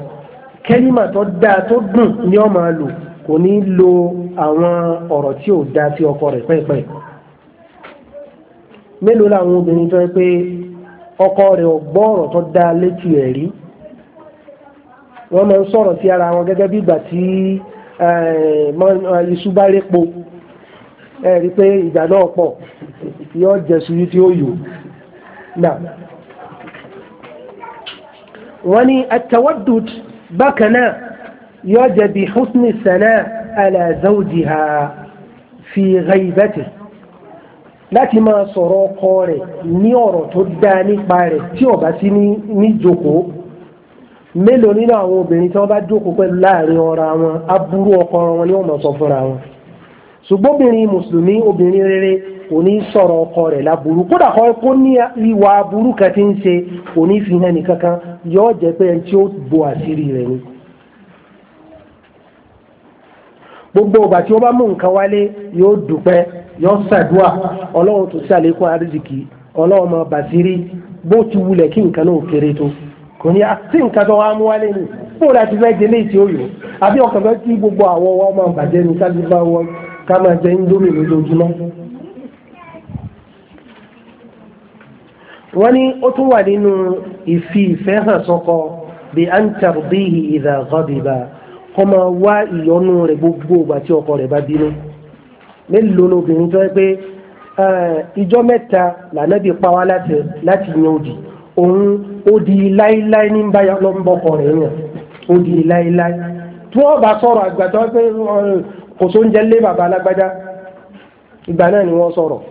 kẹ́límà tó dáa tó dùn ni ó máa kò ní lo àwọn ọ̀rọ̀ tí ò dáa sí ọkọ rẹ̀ pẹ́ẹ́pẹ́ mélòó làwọn obìnrin tó yẹ pé ọkọ rẹ̀ ò gbọ́ ọ̀rọ̀ tó dáa létí ẹ̀ rí wọ́n máa ń sọ̀rọ̀ sí ara wọn gẹ́gẹ́ bí ìgbà tí eh, eh, iṣu bá répo ẹ rí pé ìjà náà pọ̀ yóò jẹ̀sù yìí tí ó yò wọ́n ní atawadud بكنا يد بحسن الثناء على زوجها في غيبته láti máa sọ̀rọ̀ ọkọ rẹ̀ ní ọ̀rọ̀ tó dáa nípa rẹ̀ tí ó bá sí ní jókòó mélòó nínú àwọn obìnrin tí wọ́n bá jókòó pẹ̀lú láàrin ọ̀ra wọn aburú ọkọ wọn ni wọ́n máa sọ fúnra wọn ṣùgbọ́n obìnrin mùsùlùmí obìnrin rere kò ní sọ̀rọ̀ ọkọ buru láburú kódà kọ́ kó ní ìwà aburú kan ti ń ṣe kò ní fi hàn nìkankan yóò tí ó bo àṣírí rẹ̀ ni. gbogbo ba tí ó bá mú nǹkan wálé yóò dúpẹ́ yóò ṣàdúà ọlọ́run tó ṣàlékún àrísìkí ọlọ́run máa bàṣírí bó ti wulẹ̀ kí nǹkan náà kéré tó kò ní àti nǹkan tó wá mú wálé ni fún òun láti fẹ́ délé ìtì òyò àbí ọkàn fẹ́ kí gbogbo àwọn ọmọ bàjẹ́ ni ká máa jẹ indomie lójoojúmọ́. wọ́n ní ó tún wà nínú ìfi ìfẹ́ hàn sọ́kọ bí a ń tàbíhì ìdá gọ́dìbà kọ́ máa wá ìyọnu rẹ̀ gbogbo ìgbà tí ọkọ rẹ̀ bá bínú mélòó lóbìnrin tó yẹ pé ìjọ mẹ́ta lànàbí pa wá láti yan òdì òun òdì láíláí ní báyọ̀ lọ́nbọ̀kọ rẹ̀ yàn òdì láíláí tí wọ́n bá sọ̀rọ̀ àgbàdo pé kò sóúnjẹ lé bàbá alágbádá ìgbà náà ni wọ́n sọ̀rọ̀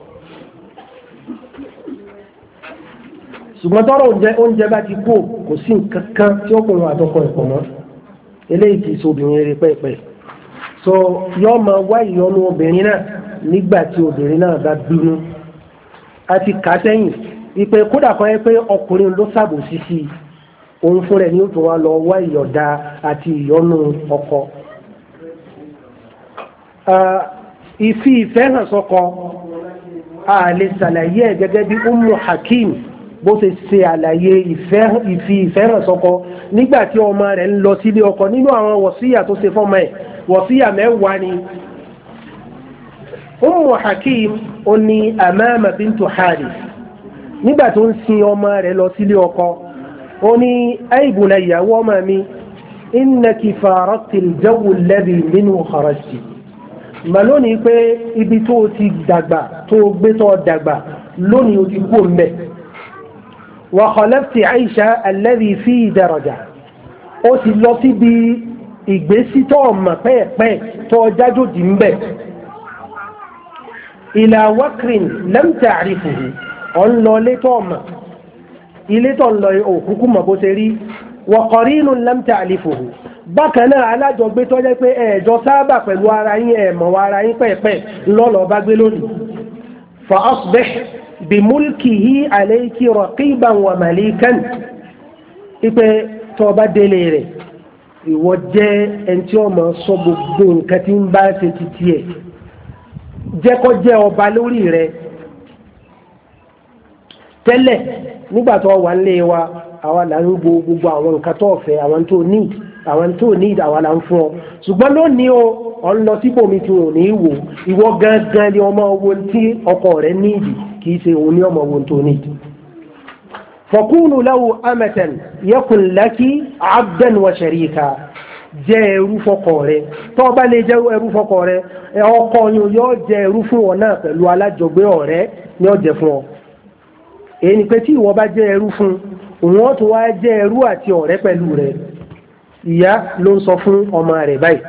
ṣùgbọ́n tọ́rọ oúnjẹ oúnjẹ bá ti kó kò sí nǹkan kan tí ó kùnrin àtọkọ ẹ̀pọ̀ mọ́ eléyìí ti so obìnrin rere pẹ́ẹ́pẹ́ so yọ́ máa wá ìyọnu obìnrin náà nígbà tí obìnrin náà bá bínú a ti kà sẹ́yìn ìpè kódà kan yẹ pé ọkùnrin ló ṣàbò sísí òun fún rẹ̀ ní ó tún wá lọ wá ìyọ̀dá àti ìyọnu ọkọ ìfi ìfẹ́ hàn sọ́kọ a lè ṣàlàyé ẹ̀ gẹ́gẹ́ bí Ummu Hakim bó ṣe ṣe àlàyé ìfi ìfẹ́ hàn sọ́kọ nígbà tí ọmọ rẹ̀ ń lọ sílé ọkọ nínú àwọn wọ̀síyà tó ṣe fọ́mọ ẹ̀ wọ̀síyà mẹ́wàá ni Ummu Hakim ó ní Amama bintu Harith nígbà tó ń sin ọmọ rẹ̀ lọ sílé ọkọ ó ní aibùnà ìyàwó ọmọ mi innaki farakti al-jawu alladhi minhu kharajti mà lónìí pé ibi tó ti dàgbà tó gbé tó dàgbà lónìí o ti kú mbẹ وخلفت عيش الذي فيه درجة ó ti lọ síbi ìgbésí tó ọmọ pẹ́ẹ̀pẹ́ tó jájò dì ń bẹ̀ ìlà wakrin lẹ́mtà àrífùhù ọ̀nlọ létọ́ ọmọ ilé tó ń lọ òkúkú mọ̀ bó ṣe rí wọ̀kọ̀rí inú lẹ́mtà àrífùhù bákan náà alájọgbé tó jẹ́ pé ẹ̀ẹ̀jọ sábà pẹ̀lú ara yín ẹ̀mọ̀ ara yín pẹ́ẹ̀pẹ́ lọ́lọ́ bá gbé lónìí fa asbih bimulkihi alayki raqiban wa malikan ipe tó bá délé rẹ̀ ìwọ jẹ́ ẹni tí ó máa ṣọ́ gbogbo nǹkan tí ń bá ṣe ti tiẹ̀ jẹ́ kó ọba lórí rẹ̀ tẹ́lẹ̀ nígbà tó wà nílé wa àwa là ń gbọ́ gbogbo àwọn nǹkan tó fẹ́ àwọn tó ní àwọn tó ní ìdáwà là ń fún ọ ṣùgbọ́n lónìí o ọ̀n lọ síbò mi tí ò ní wò ìwọ gangan ni ọmọ owó tí ọkọ rẹ ní ìdí kì í ṣe òun ní ọmọ owó tó ní ìdí. fọkúnù láwù amẹtẹn yẹkùn lákì abdẹn wa sharika jẹ ẹrú fọkọ rẹ tó bá lè jẹ ẹrú fọkọ rẹ ọkọ yóò yọ jẹ ẹrú fún ọ náà pẹ̀lú alájọgbé ọ̀rẹ́ ni ọ fún ọ èyí ni pé tí ìwọ bá jẹ ẹrú fún òun ọ tó wá jẹ ẹrú àti ọ̀rẹ́ pẹ̀lú rẹ ìyá ló ń sọ fún ọmọ rẹ̀ báyìí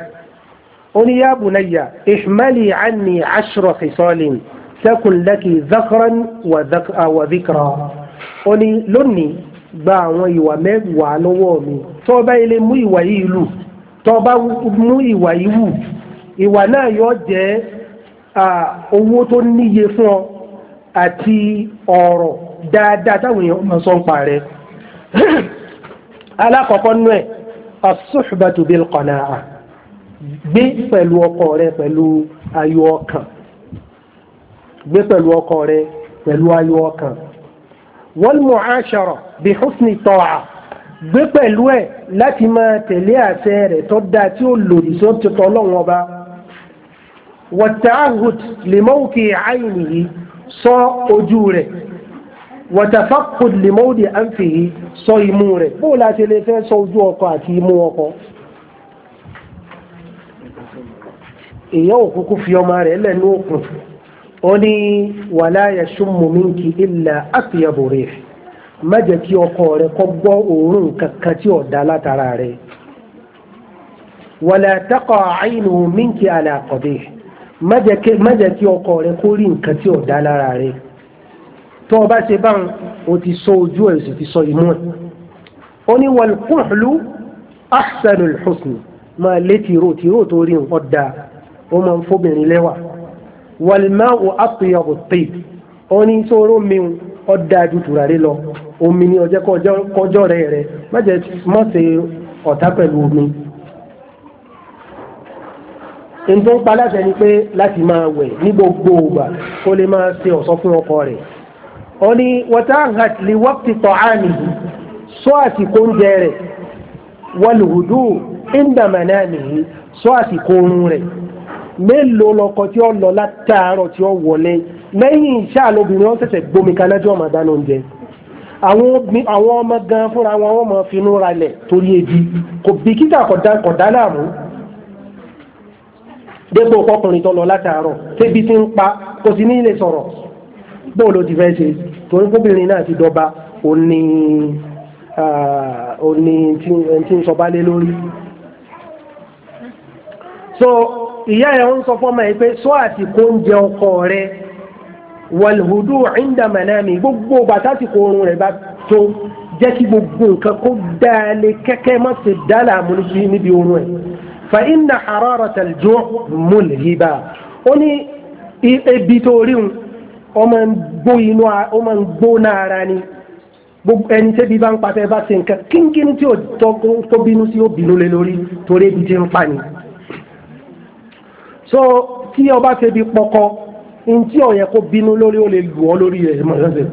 ó ní yá bunayya ihmali anni ashra khisalin takun laki dhakran wa dhikra ó ní lónìí gba àwọn ìwà mẹ́wàá lọ́wọ́ mi tó bá ilé mú ìwà yìí lù tó bá mú ìwà yìí wù ìwà náà yóò jẹ́ owó tó níye fún ọ àti ọ̀rọ̀ dáadáa táwọn èèyàn máa sọ ń pa rẹ̀ alákọ̀ọ́kọ́ nú ẹ̀ as-suhbatu bil qana'a gbé pẹ̀lú ọkọ rẹ pẹ̀lú ayọ̀ ọkàn gbé pẹ̀lú ọkọ rẹ pẹ̀lú ayọ̀ ọkàn wal mu'ashara bi husni ta'a gbé pẹ̀lú ẹ̀ láti máa tẹ̀lé àṣẹ rẹ̀ tó dáa tí ó lòdì sí ti tọ́ lọ́wọ́n ọba wa ta'ahud li mawqi'i 'aynihi sọ ojú rẹ̀ wọ̀tàfàkùn lè mọ́ọ̀dì à ń fi sọ imú rẹ̀ bó o láti lè fẹ́ sọ ojú ọkọ àti imú ọkọ. èèyàn ò kúkú fi ọmọ rẹ̀ lẹ́nu òkun ó ní wàlá yashummu minki illa atyabu rih má jẹ́ kí ọkọ rẹ̀ kọ́ gbọ́ òórùn kankan tí ọ̀dà látara rẹ̀ wàlá taqa aynuhu minki ala qabih kí ọkọ rẹ̀ kó rí nǹkan tí ọ̀dà lára rẹ̀ tó o bá ṣe báwọn o ti sọ ojú ẹ̀ o sì ti sọ imú ẹ̀ ó ní wal kuhlu ahsanul husni máa lé tìró tìró tó rí nǹkan da ó máa ń fóbìnrin lẹ́wà wal ma'u atyabu at-tib ó ní sóró miun ó dáa ju tùràrí lọ omi ní ọjọ́ kọjọ́ rẹ̀ rẹ̀ má jẹ́ má ṣe ọ̀tá pẹ̀lú omi. n tó ń pa láṣẹ ni pé láti máa wẹ̀ ní gbogbo ògbà kó lè máa ṣe ọ̀ṣọ́ fún ọkọ rẹ̀ ó ní watahat li waqti ta'amihi sọ àsìkò oúnjẹ rẹ̀ walhudu inda manamihi sọ àsìkò oorun rẹ̀ mélòó lọkọ tí ó lọ látàárọ̀ tí ó wọlé lẹ́yìn iṣẹ́ àlóbìnrin wọn ṣẹ̀ṣẹ̀ gbomi kaná tí wọ́n máa dáná oúnjẹ àwọn ọmọ gan fúnra wọn wọ́n máa finú ralẹ̀ torí ebi kò bìkítà kọ̀dá láàmú dépò ọkùnrin tó lọ látàárọ̀ tẹ́bi ti ń pa kò sí ní ilé sọ̀rọ̀ bóòlù ti fẹ́ ṣe torí kóbìnrin náà ti dọba òní òní tí ń sọba lé lórí so ìyá ẹ̀ ń sọ fọ́mọ ẹ̀ pé sọ àsìkò oúnjẹ ọkọ rẹ wàlhùdù ìndàmẹ́lẹ́mì gbogbo bàtà ti kò oorun rẹ̀ bá tó jẹ́ kí gbogbo nǹkan kó dáalé kẹ́kẹ́ má ṣe dáàlà múlùkí níbi oorun ẹ̀ fa inna hararatal ju' mulhiba ó ní ebi tó ríhun ọmọ ń gbó inú ọmọ ń gbó náà ara ni gbogbo ẹni tẹ́bi bá ń pa tẹ́ bá ṣe nǹkan kínkín tí ò tó bínú sí ó bínú lórí torí ibi tí ń pa ni. so tí ọba tẹ́bi pọkọ ní tí ọ̀yẹ́ kó bínú lórí ó lè lù ọ́ lórí ẹ̀ mọ̀ lọ́sẹ̀.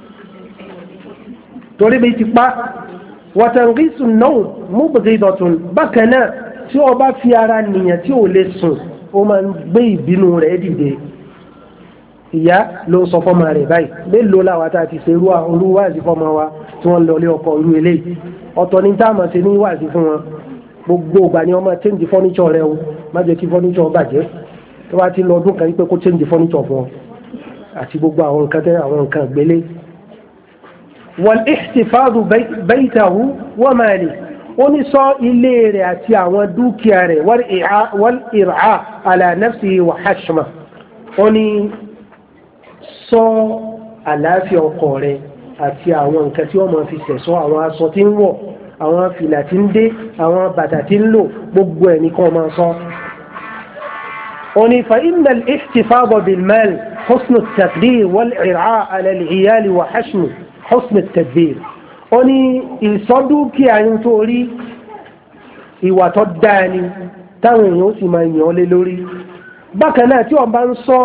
torí bí ti pa wọ̀tẹ̀ǹgísùn náà mú ìdọ̀tún bákan náà tí ọba fi ara nìyẹn tí ò lè sùn ó máa ń gbé ìbínú rẹ̀ dìde ìyá ló ń sọ fọ́mọ rẹ̀ báyìí mélòó làwọn tá a ti ṣe irú wáàzì fọ́mọ wa tí wọ́n lọ lé ọkọ̀ irú eléyìí ọ̀tọ̀ ní tá a máa ṣe ní wáàzì fún wọn gbogbo ìgbà ni wọ́n máa change furniture rẹ o má jẹ́ kí furniture bàjẹ́ tó bá ti lọ ọdún kan pé kó change furniture fún ọ àti gbogbo àwọn nǹkan tẹ́ àwọn nǹkan gbélé wal ihtifadu baytahu ó ní sọ ilé rẹ̀ àti àwọn dúkìá rẹ̀ wal ìrà ala nafsihi wa hashma ó ní sọ àlàáfíà ọkọ rẹ̀ àti àwọn nǹkan tí wọ́n máa fi ṣẹ̀ṣọ́ àwọn aṣọ tí ń wọ̀ àwọn fìlà tí ń dé àwọn bàtà tí ń lò gbogbo ẹ̀ ní kó máa sọ oni fa inna al-ihtifadha bil mal husn at-taqdir wal ir'a ala al-iyal wa hashmu husn at-tadbir ó ní ìsọdúkìá yín tó rí ìwà tó dáa ni táwọn èèyàn ó sì máa yàn ọ́ lé lórí bákan náà tí wọ́n bá ń sọ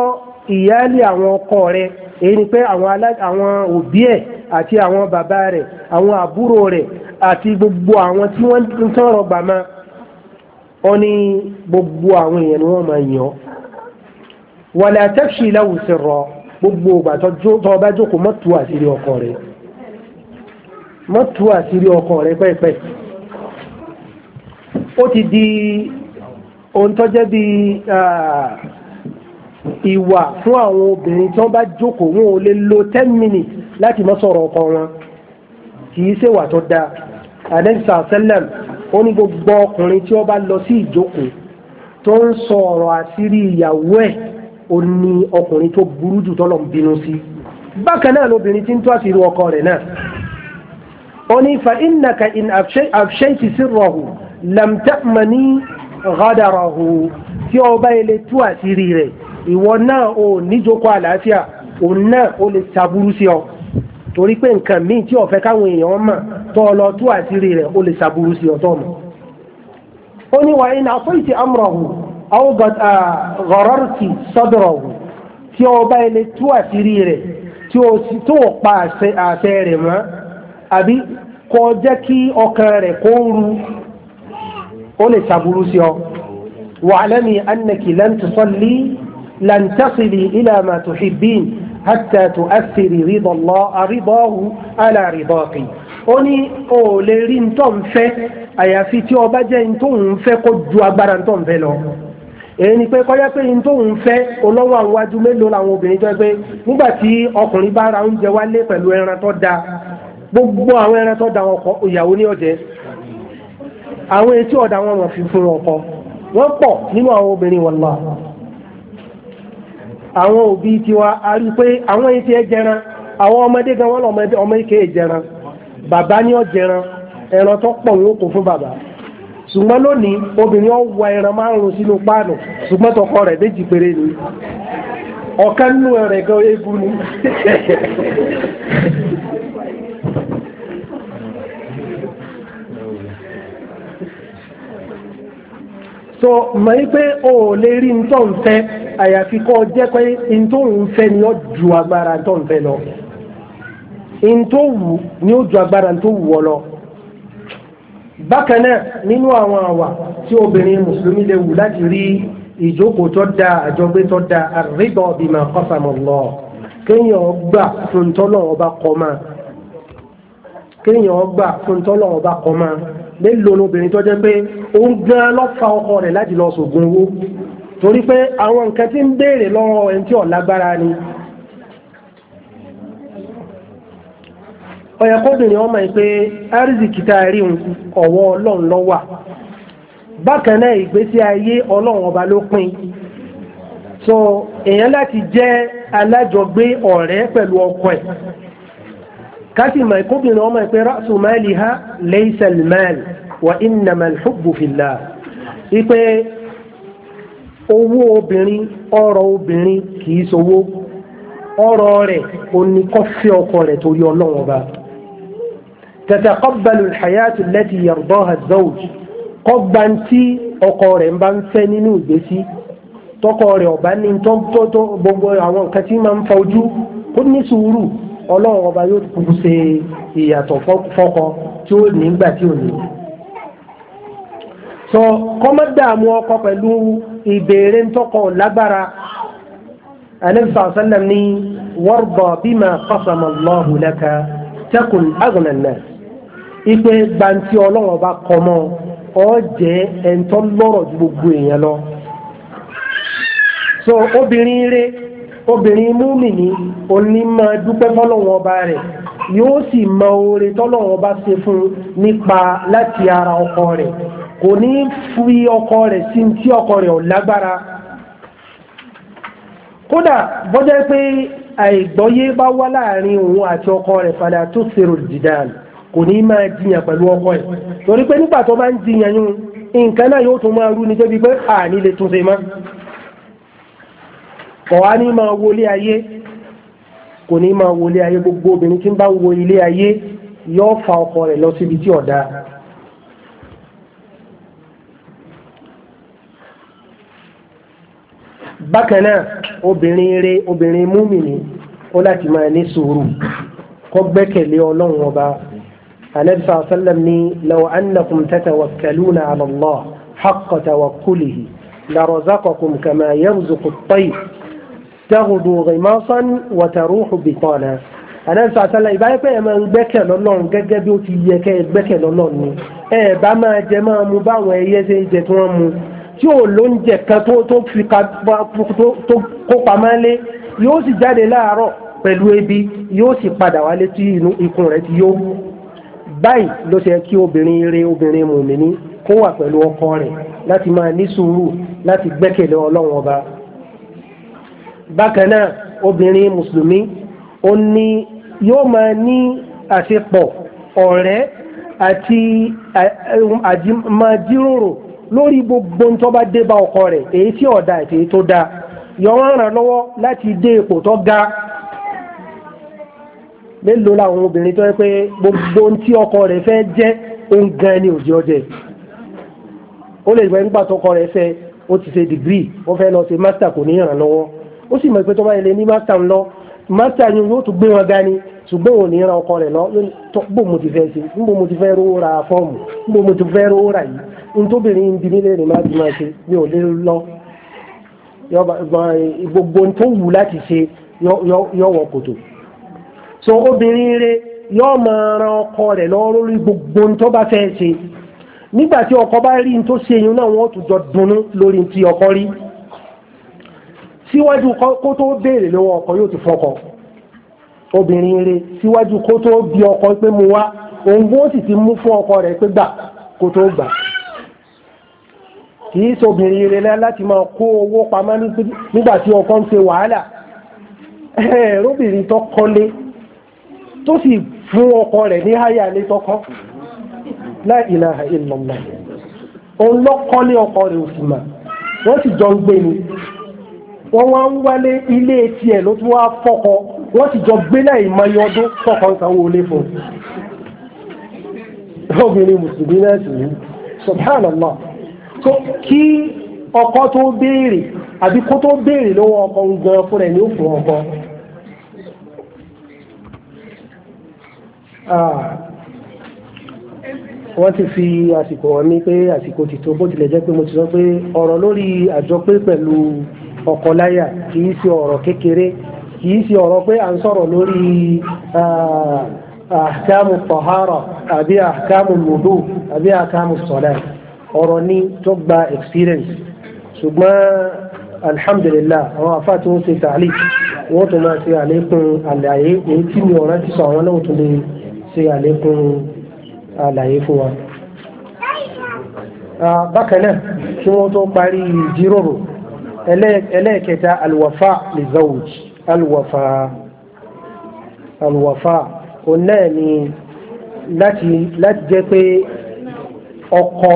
ìyáálé àwọn ọkọ rẹ̀ èyí ni pé àwọn òbí ẹ̀ àti àwọn bàbá rẹ̀ àwọn àbúrò rẹ̀ àti gbogbo àwọn tí wọ́n ń tọrọ gbàmá ó ní gbogbo àwọn èèyàn ni wọ́n máa yàn ọ́ wàlẹ̀ àtẹ́fṣì láwùsẹ̀ rọ gbogbo ògbà tó bá jókòó mọ́tò àṣírí ọkọ rẹ̀ má tú àṣírí ọkọ rẹ pẹ́pẹ́ ó ti di ohun tó jẹ́ bí ìwà fún àwọn obìnrin tí wọ́n bá jókòó wọn ò lè lo ten minutes láti má sọ̀rọ̀ ọkọ wọn kì í ṣèwà tó dáa anẹ́sà sẹ́lẹ̀m ó ní gbogbo ọkùnrin tí wọ́n bá lọ sí ìjókòó tó ń sọ ọ̀rọ̀ àṣírí ìyàwó ẹ̀ ó ní ọkùnrin tó burú jù tọ́lọ̀ ń bínú sí bákan náà lobìnrin tí ń tó àṣírí ọkọ rẹ̀ náà ó ní fa innaka in afṣẹ́tì sírọ̀hù lamtẹ́mọ̀ní gádàrọ̀hù tí ó bá ilé tú àṣírí rẹ̀ ìwọ náà ò níjókòó àlàáfíà òun náà ó lè ṣàbúrú sí ọ torí pé nǹkan míì tí ó fẹ́ káwọn èèyàn mọ̀ tó lọ tú àṣírí rẹ̀ ó lè ṣàbúrú sí ọ tọ́mọ̀ ó ní wa in afṣẹ́tì amrọ̀hù aw gọ̀rọ̀rùtì sọ́dọ̀rọ̀hù tí ó bá ilé tú àṣírí rẹ̀ tí ó pa àṣẹ rẹ̀ mọ́ àbí kò jẹ́ kí ọkàn rẹ̀ kó rú ó lè ṣàbúrú sí ọ wa'lami annaki lan tusalli lan tasili ila ma tuhibbin hatta tu'athiri ridahu ala ridaki ó ní o lè rí ntọ́ ń fẹ́ àyàfi tí ọba jẹ́ ntọ́ ń fẹ́ kó ju agbára ntọ́ ń fẹ́ lọ èyí pé kọjá pé ní tóun fẹ́ olówó àwọn wájú làwọn obìnrin jẹ́ pé nígbà ọkùnrin bá ra oúnjẹ wálé pẹ̀lú ẹran tó dáa gbogbo àwọn ẹran tó da ọkọ ìyàwó ní ọjẹ àwọn etí ọ̀dà wọn wọ̀n fi ọkọ wọ́n pọ̀ nínú àwọn obìnrin wọn lọ àwọn òbí tiwa a rí pé àwọn etí ẹ jẹran àwọn ọmọdé gan wọn ọmọ ike jẹran bàbá ní ẹran tó pọ̀ wọn kò fún bàbá ṣùgbọ́n lónìí obìnrin ọ wọ ẹran márùn sínú páànù ṣùgbọ́n tọkọ rẹ̀ so mọ̀ ní pé o ò lè rí ntọ́ ń fẹ́ àyàfi kọ́ jẹ́ pé ntọ́ ń fẹ́ ni ó ju agbára ntọ́ ń fẹ́ lọ ntọ́ wù ni ó ju agbára ntọ́ wù ọ lọ bákan náà nínú àwọn àwà tí obìnrin mùsùlùmí lè wù láti rí ìjókòó tó da àjọgbé tó da àrídọ̀ bímọ qasamallah kéèyàn gbà fún tọ́lọ̀ ọba kọ́ máa kéèyàn gbà fún tọ́lọ̀ ọba kọ́ máa mélòó lóbìnrin tó jẹ́ pé ó ń gan lọ́fà ọkọ rẹ̀ láti lọ sògùn owó torí pé àwọn nǹkan tí ń béèrè lọ́wọ́ ẹni tí ò lágbára ni ọ̀yẹ̀ kóbìnrin ọmọ yìí pé árísìkì rí ọwọ́ ọlọ́run ló wà ìgbésí ayé ọlọ́run ọba ló pín so èèyàn láti jẹ́ alájọgbé ọ̀rẹ́ pẹ̀lú ọkọ ẹ̀ kásì mọ̀ ìkóbìnrin ọmọ ìpẹ́ ráṣù máàlì ha laysal mal wa innamal hubbu fillah ipe owó obìnrin ọrọ̀ obìnrin kìí sowó ọrọ̀ rẹ̀ òní kọ́fẹ́ ọkọ rẹ̀ torí ọlọ́run ọba تتقبل الحياة التي يرضاها الزوج قبا تي ọkọ rẹ̀ ń bá ń fẹ́ nínú ìgbésí tọkọ rẹ̀ ọ̀bá ní tó gbogbo àwọn nǹkan tí máa ń fa ojú ní sùúrù ọlọ́run ọba yóò kúkú ṣe ìyàtọ̀ fọ́kọ tí ó nígbà tí ò ní. sọ kọ́mọ́dààmú ọkọ pẹ̀lú ìbéèrè ńtọ́kọ lágbára Anisa asalam ni warda bima qasama Allahu laka takun aghna an-nas ipe gbanti ọlọ́run ọba kọ́mọ́ ọ jẹ́ ẹ̀ńtọ́ lọ́rọ̀ gbogbo èèyàn lọ. so obìnrin rẹ̀ obìnrin múmìnì òní máa dúpẹ́ fọ́lọ́wọ́n ọba rẹ̀ yóò sì mọ oore tọ́lọ́wọ́n ọba ṣe fún un nípa láti ara ọkọ rẹ̀ kò ní fi ọkọ rẹ̀ sí tí ọkọ rẹ̀ ò lágbára kódà bọ́jẹ́ pé àìgbọ́yé bá wá láàrin òun àti ọkọ rẹ̀ padà tó ṣèrò jìdáàlì kò ní máa jiyàn pẹ̀lú ọkọ ẹ̀ torí pé nígbà tó bá ń jiyàn yún nǹkan náà yóò tún máa rú ní débi pé àní lè túnṣe mọ́ ọ̀wá ní máa wo ilé ayé kò ní máa wo ilé ayé gbogbo obìnrin tí ń bá wo ilé ayé yóò fa ọkọ rẹ̀ lọ síbi tí ọ̀dá bákan náà obìnrin eré obìnrin múmìnì ó láti máa ní sùúrù kó gbẹ́kẹ̀lé ọlọ́run ọba anabi sallam ni law annakum tatawakkaluna ala Allah haqqa tawakkulihi la razaqakum kama yarzuqu at-tayr تغدو غماصا وتروح بطانا أنا سأتلا إبا يبا يما نبكى لولون جاجا بيوتي يكا يبكى لولون إيه بما جما مبا ويزي جتوان مو tí ò ló ń jẹ kan tó fi kó pamọ́ lé yóò sì jáde láàárọ̀ pẹ̀lú ebi yóò sì padà wálé tí inú ikùn rẹ̀ ti yó báyìí ló ṣe kí obìnrin rere obìnrin mùmíní kó wà pẹ̀lú ọkọ rẹ̀ láti máa ní sùúrù láti gbẹ́kẹ̀lé ọlọ́run ọba bákan náà obìnrin mùsùlùmí ó ní yóò máa ní àṣepọ̀ ọ̀rẹ́ àti àjìmọ̀jíròrò lórí gbogbo tó bá dé bá ọkọ rẹ̀ èyí tí ọ̀dà àti èyí tó dáa yọ wọ́n ràn lọ́wọ́ láti dé ipò tó ga mélòó làwọn obìnrin tó yẹ pé gbogbo tí ọkọ rẹ̀ fẹ́ jẹ́ òun gan ni òjì ọjẹ́ ó lè gbẹ́ nígbà tọkọ rẹ̀ fẹ́ ó ti ṣe dìgírì ó fẹ́ lọ ṣe mástà kò ní ìrànlọ́wọ́ ó sì mọ̀ pé tó bá ilé ní mástà ń lọ mástà yìí yóò tún gbé wọn gani ṣùgbọ́n òun ní ìran ọkọ rẹ̀ lọ bó mo ti fẹ́ ṣe ń bó mo ti fẹ́ rówó ra fọ́ọ̀mù ń bó mo ti fẹ́ rówó ra yìí ń tóbìnrin ń bi nílé rẹ̀ má ti máa ṣe mi ò lè lọ gbogbo tó wù so obìnrin rẹ̀ yọ máa ran ọkọ rẹ̀ lọ lórí gbogbo tó bá fẹ́ ṣe nígbà ọkọ bá rí tó ṣe yun náà wọ́n tún jọ dunnú lórí ti ọkọ rí. síwájú kó tó béèrè lọ́wọ́ ọkọ yóò ti fọkọ obìnrin rẹ̀ síwájú kó tó bí ọkọ pé mo wá òun bó sì ti mú fún ọkọ rẹ̀ pé gbà kó tó gbà kì í rẹ̀ láti máa kó owó pamọ́ nígbà tí ọkọ ń ṣe wàhálà ẹ̀ẹ́rọ́bìnrin tó tó sì fún ọkọ rẹ̀ ní ọkọ wọ́n wá ń wálé ilé tiẹ̀ ló tún wá fọ́kọ wọ́n sì jọ gbé láì mọye ọdún fọ́kọ ń sanwó olé fún obìnrin mùsùlùmí náà ní subhanallah tó kí ọkọ tó béèrè àbí kó tó béèrè lọ́wọ́ ọkọ ń gan fún rẹ̀ ní ó fún ọkọ ah. wọ́n ti fi àsìkò wọn mí pé àsìkò ti tó bó tilẹ̀ jẹ́ pé mo ti sọ pé ọ̀rọ̀ lórí àjọpé pẹ̀lú ọkọláyà kìí ṣe ọ̀rọ̀ kékeré kìí ṣe ọ̀rọ̀ pé à ń sọ̀rọ̀ lórí àkàmù tọ̀hárọ̀ àbí àkàmù mùdó àbí àkàmù sọ̀lá ọ̀rọ̀ ní tó gba experience ṣùgbọ́n alhamdulillah àwọn afá tí wọ́n ṣe tààlì wọ́n tó máa ṣe àlékún àlàyé èyí tí mi ọ̀rọ̀ ti sọ àwọn kí wọ́n tó parí ìjíròrò ẹlẹ́ẹ̀kẹta alwafa li zawj alwafa alwafa òun náà ni láti láti jẹ́ pé ọkọ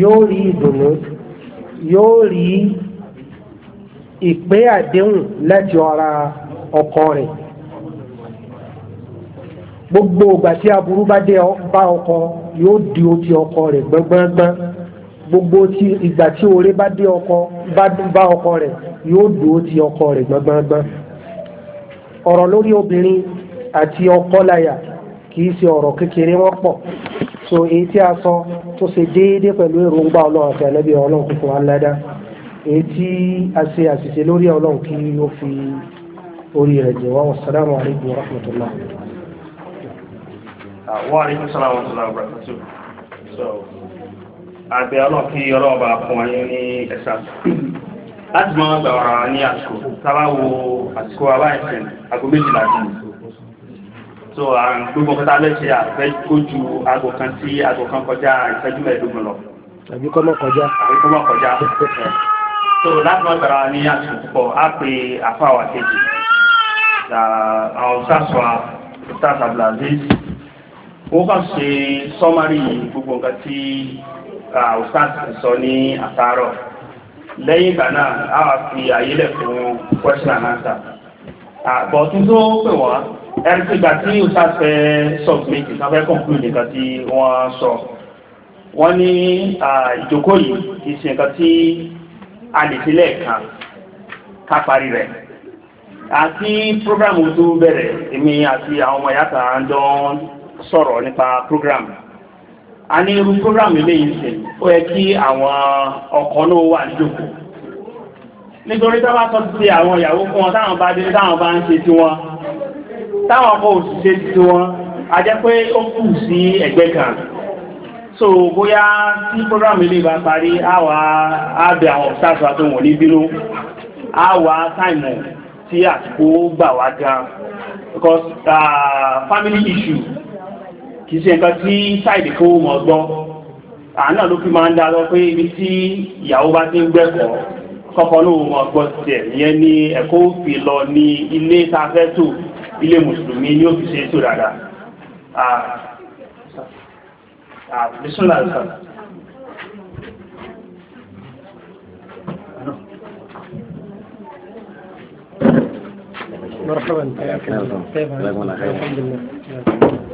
yóò rí ìdùnnú yóò rí ìpè àdéhùn láti ọ̀ra ọkọ rẹ̀ gbogbo ìgbà tí aburú bá dé bá ọkọ yóò di oti ọkọ rẹ̀ gbọ́ngbọ́ngbọ́n gbogbo ti ìgbà tí oore bá dé ọkọ bá bá ọkọ rẹ̀ yóò dúró ti ọkọ rẹ̀ gbọngbọngbọn ọ̀rọ̀ lórí obìnrin àti ọkọ láya kì í ṣe ọ̀rọ̀ kékeré wọn pọ̀ so èyí tí a sọ tó ṣe déédéé pẹ̀lú èròǹgbà Ọlọ́run àti àlẹbí Ọlọ́run kò fún wa ládàá èyí tí a ṣe àṣìṣe lórí Ọlọ́run kí ó fi orí rẹ̀ jẹ wá wasalaamu aleykum wa rahmatulah. Uh, wa aleykum salaam wa àti ọlọ́kí ọlọ́ọ̀bà fún ayé ní ẹ̀sà láti mọ́ gbà ọ̀rọ̀ ní àsìkò sábáwo àsìkò àbáyẹ̀sìn aago méjìlá jù so àrùn gbogbo kọta lẹ́sẹ̀ àfẹ́ kó ju aago kan sí aago kan kọjá ìṣẹ́jú mẹ́ẹ̀ẹ́dógún lọ. so láti mọ́ gbà ọ̀rọ̀ ní àsìkò púpọ̀ á pe àfáwà kejì àwọn sásọ sásọ wọ́n kàn ṣe sọ́márì gbogbo nǹkan tí ustaz sọ ní àtàárọ̀ lẹ́yìn ìgbà náà a fi àyè fún question and answer àbọ̀tún tó pè wọ́n ẹni tó gbà tí ustaz fẹ́ submit ìtàn fẹ́ conclude nǹkan tí wọ́n sọ wọ́n ní ìjókòó yìí kì í ṣe nǹkan tí a lè fi lẹ́ẹ̀kan ká rẹ̀ àti programu tó bẹ̀rẹ̀ èmi àti àwọn ọmọ ìyá kan jọ sọ̀rọ̀ nípa programu a ní irú program eléyìí sẹ̀ ó yẹ kí àwọn ọkọ náà wà níjòkó nítorí tábà sọ ti àwọn ìyàwó fún wọn táwọn bá dé táwọn bá ń ṣe tí wọn táwọn ọkọ òṣìṣẹ́ tí wọn a jẹ́ pé ó kù sí ẹgbẹ́ kan so bóyá tí program eléyìí bá parí àwa á bẹ àwọn ọ̀sáàtò àtòwọ̀n ní bínú àwa táìmù tí àsìkò gbà wá gan because uh, family issue kì í ṣe nǹkan tí sáìdì kó mọ̀ gbọ́ àánà ló fi máa ń darọ pé ibi tí ìyàwó bá ti ń gbẹ́kọ̀ọ́ kọ́kọ́ ló mọ̀ gbọ́ tiẹ̀ ìyẹn ni ẹ̀kọ́ òfin lọ ní ilé tafẹ́tò ilé mùsùlùmí ní òfin ṣe tó dáadáa Bismillah. مرحبا حياك الله الحمد لله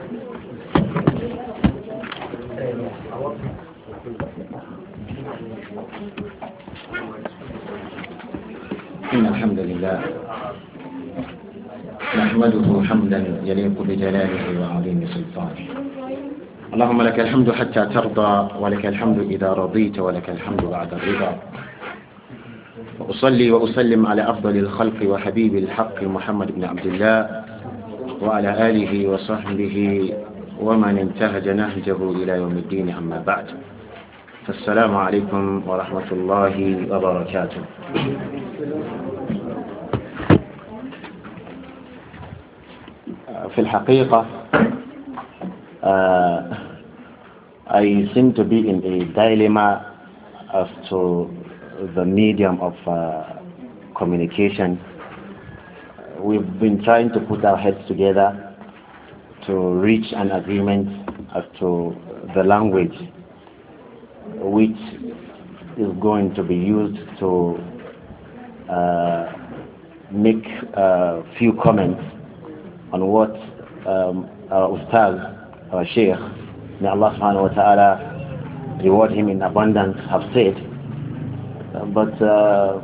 إن الحمد لله نحمده حمدا يليق بجلاله وعظيم سلطانه اللهم لك الحمد حتى ترضى ولك الحمد إذا رضيت ولك الحمد بعد الرضا وأصلي وأسلم على أفضل الخلق وحبيب الحق محمد بن عبد الله وعلى آله وصحبه ومن انتهج نهجه إلى يوم الدين أما بعد فالسلام عليكم ورحمة الله وبركاته في الحقيقة uh, I seem to be in a dilemma as to the medium of uh, communication. We've been trying to put our heads together to reach an agreement as to the language which is going to be used to uh, make a uh, few comments on what um, our Ustaz, our Sheikh, may Allah subhanahu wa ta'ala reward him in abundance, have said. but uh,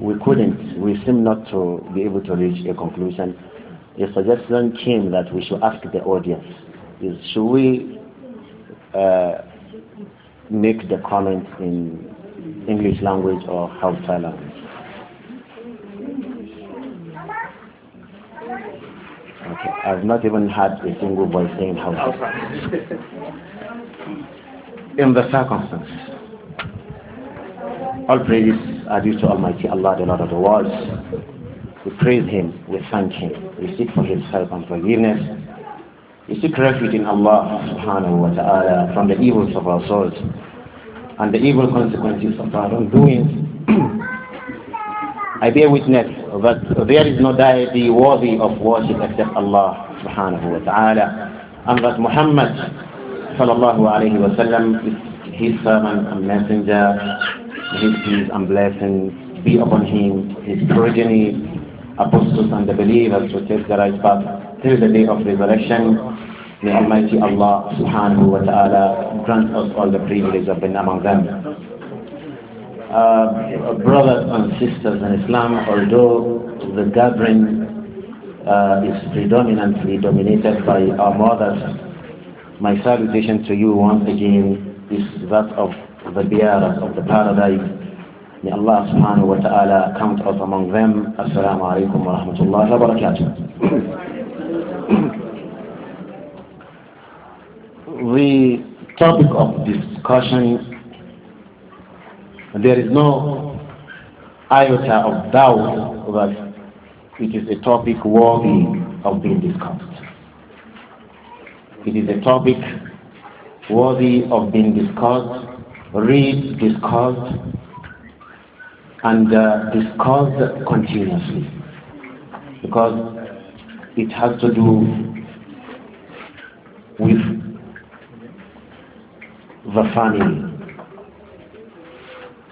we couldn't, we seem not to be able to reach a conclusion a suggestion came that we should ask the audience is should we uh, make the comment in English language or Hausa language? Okay, I've not even had a single voice saying Hausa. in the circumstances, all praise are due to Almighty Allah, the Lord of the worlds. We praise Him. We thank Him. We seek for His help and forgiveness. We seek refuge in Allah subhanahu wa ta'ala from the evils of our souls and the evil consequences of our wrongdoings. I bear witness that there is no deity worthy of worship except Allah subhanahu wa ta'ala and that Muhammad sallallahu alayhi wa sallam is his servant and messenger. His peace and blessings be upon him, his progeny, apostles and the believers who take the right path till the day of resurrection. May Almighty Allah subhanahu wa ta'ala grant us all the privilege of being among them. Uh, brothers and sisters in Islam, although the gathering uh, is predominantly dominated by our mothers, my salutation to you once again is that of the bearers of the paradise May Allah subhanahu wa ta'ala count us among them. Assalamu alaikum wa rahmatullahi wa barakatuh. the topic of discussion, there is no iota of doubt that it is a topic worthy of being discussed. It is a topic worthy of being discussed, read, discussed, and uh, discussed continuously because it has to do with the family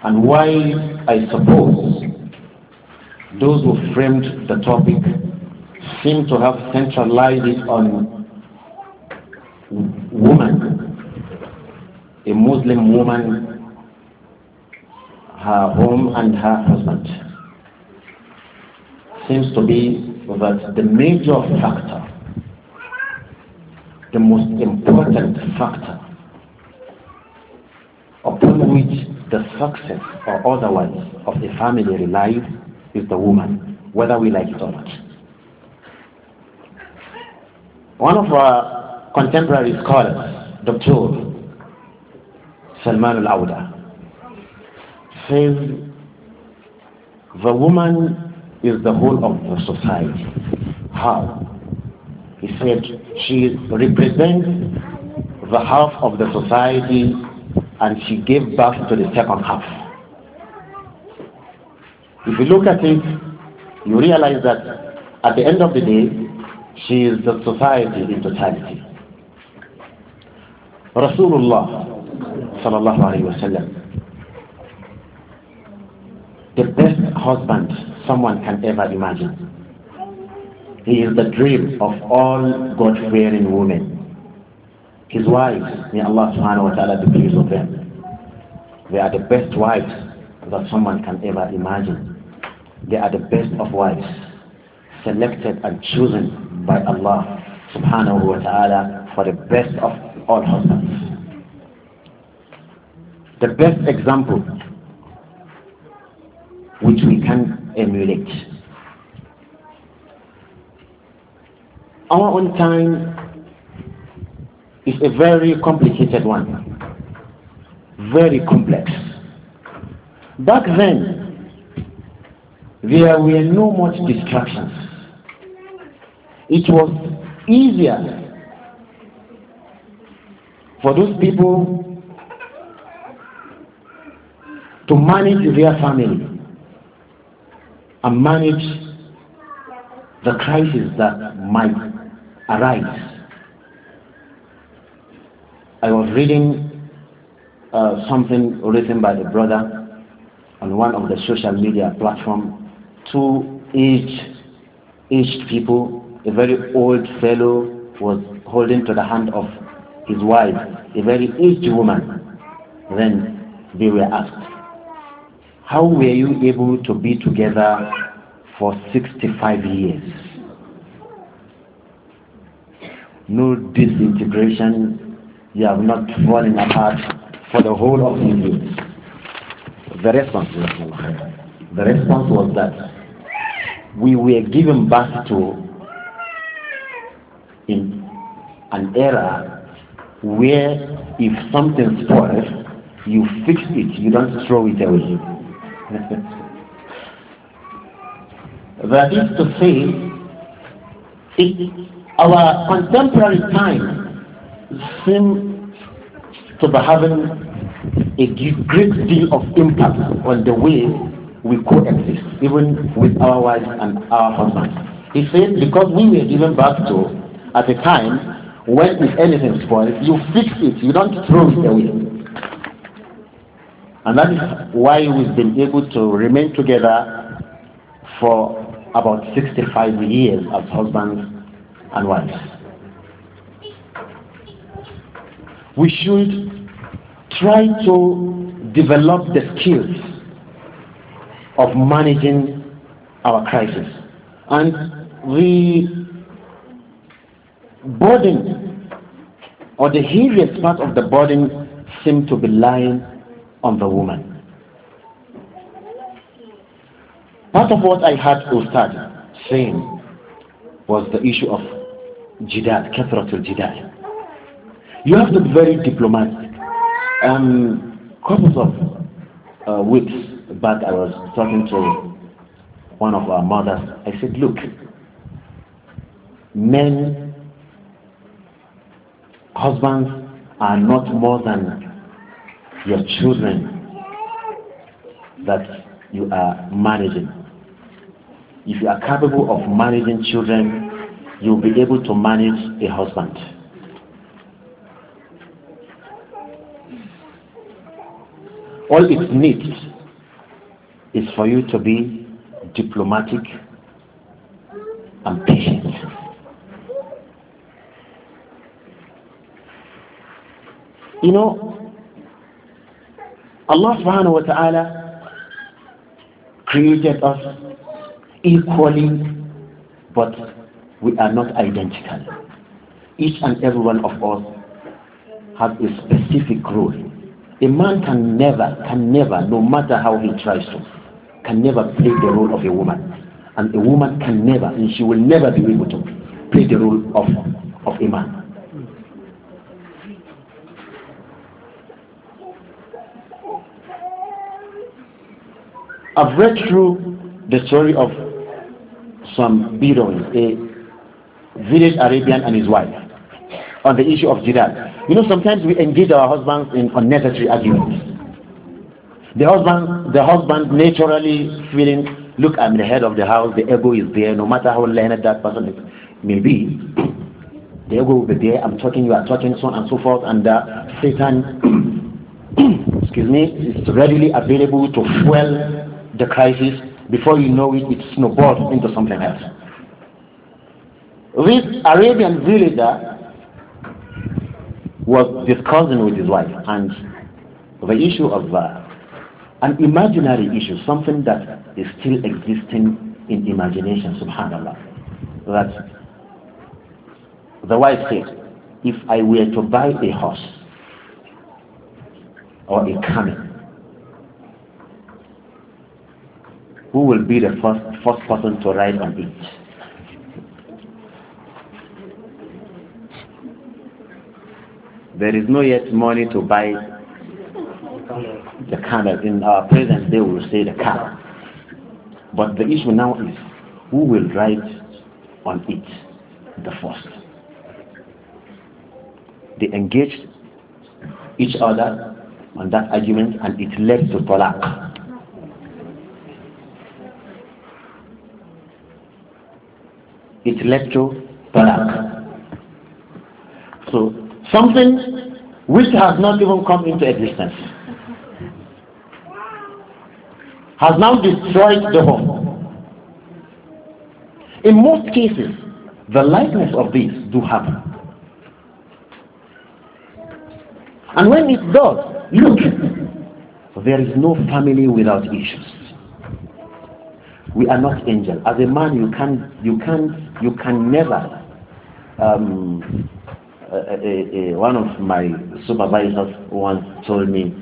and why I suppose those who framed the topic seem to have centralized it on woman, a Muslim woman her home and her husband. Seems to be that the major factor, the most important factor upon which the success or otherwise of the family relies is the woman, whether we like it or not. One of our contemporary scholars, Dr. Salman al-Awda, says the woman is the whole of the society. How? He said she represents the half of the society and she gave birth to the second half. If you look at it, you realize that at the end of the day, she is the society in totality. Rasulullah sallallahu alayhi wa sallam the best husband someone can ever imagine. He is the dream of all God-fearing women. His wives, may Allah subhanahu wa ta'ala be pleased with them. They are the best wives that someone can ever imagine. They are the best of wives, selected and chosen by Allah subhanahu wa ta'ala for the best of all husbands. The best example which we can emulate. Our own time is a very complicated one, very complex. Back then, there were no much distractions. It was easier for those people to manage their family and manage the crisis that might arise. I was reading uh, something written by the brother on one of the social media platform. Two aged, aged people, a very old fellow was holding to the hand of his wife, a very aged woman. Then they were asked, how were you able to be together for 65 years? No disintegration, you have not fallen apart for the whole of the years. The response, the response was that we were given birth to in an era where if something spoils, you fix it, you don't throw it away that is to say, our contemporary time seems to be having a great deal of impact on the way we coexist, even with our wives and our husbands. He said, because we were given birth to at a time when if anything spoils, you fix it, you don't throw it away. And that is why we've been able to remain together for about 65 years as husbands and wives. We should try to develop the skills of managing our crisis. And the burden or the heaviest part of the burden seems to be lying on the woman. Part of what I had Ustad saying was the issue of jidad, kathratul Jihad. You have to be very diplomatic. Um, couple of uh, weeks back, I was talking to one of our mothers. I said, look, men, husbands are not more than your children that you are managing. If you are capable of managing children, you'll be able to manage a husband. All it needs is for you to be diplomatic and patient. You know, Allah subhanahu wa ta'ala created us equally, but we are not identical. Each and every one of us has a specific role. A man can never, can never, no matter how he tries to, can never play the role of a woman. And a woman can never, and she will never be able to play the role of, of a man. I've read through the story of some Bedouin, a village Arabian and his wife, on the issue of jihad. You know, sometimes we engage our husbands in unnecessary arguments. The husband, the husband naturally feeling, look, I'm the head of the house, the ego is there, no matter how learned that person is, maybe the ego will be there, I'm talking, you are talking, so on and so forth, and uh, Satan, excuse me, is readily available to fuel the crisis, before you know it, it snowballs into something else. This Arabian villager was discussing with his wife and the issue of uh, an imaginary issue, something that is still existing in imagination, subhanAllah. That the wife said, if I were to buy a horse or a camel who will be the first, first person to ride on it? There is no yet money to buy the camel. In our present day, we will say the camel. But the issue now is who will ride on it the first. They engaged each other on that argument and it led to talaq. it led to talaq. So something which has not even come into existence has now destroyed the home. In most cases, the likeness of these do happen. And when it does, look, there is no family without issues. We are not angels. As a man, you can you can you can never. Um, uh, uh, uh, one of my supervisors once told me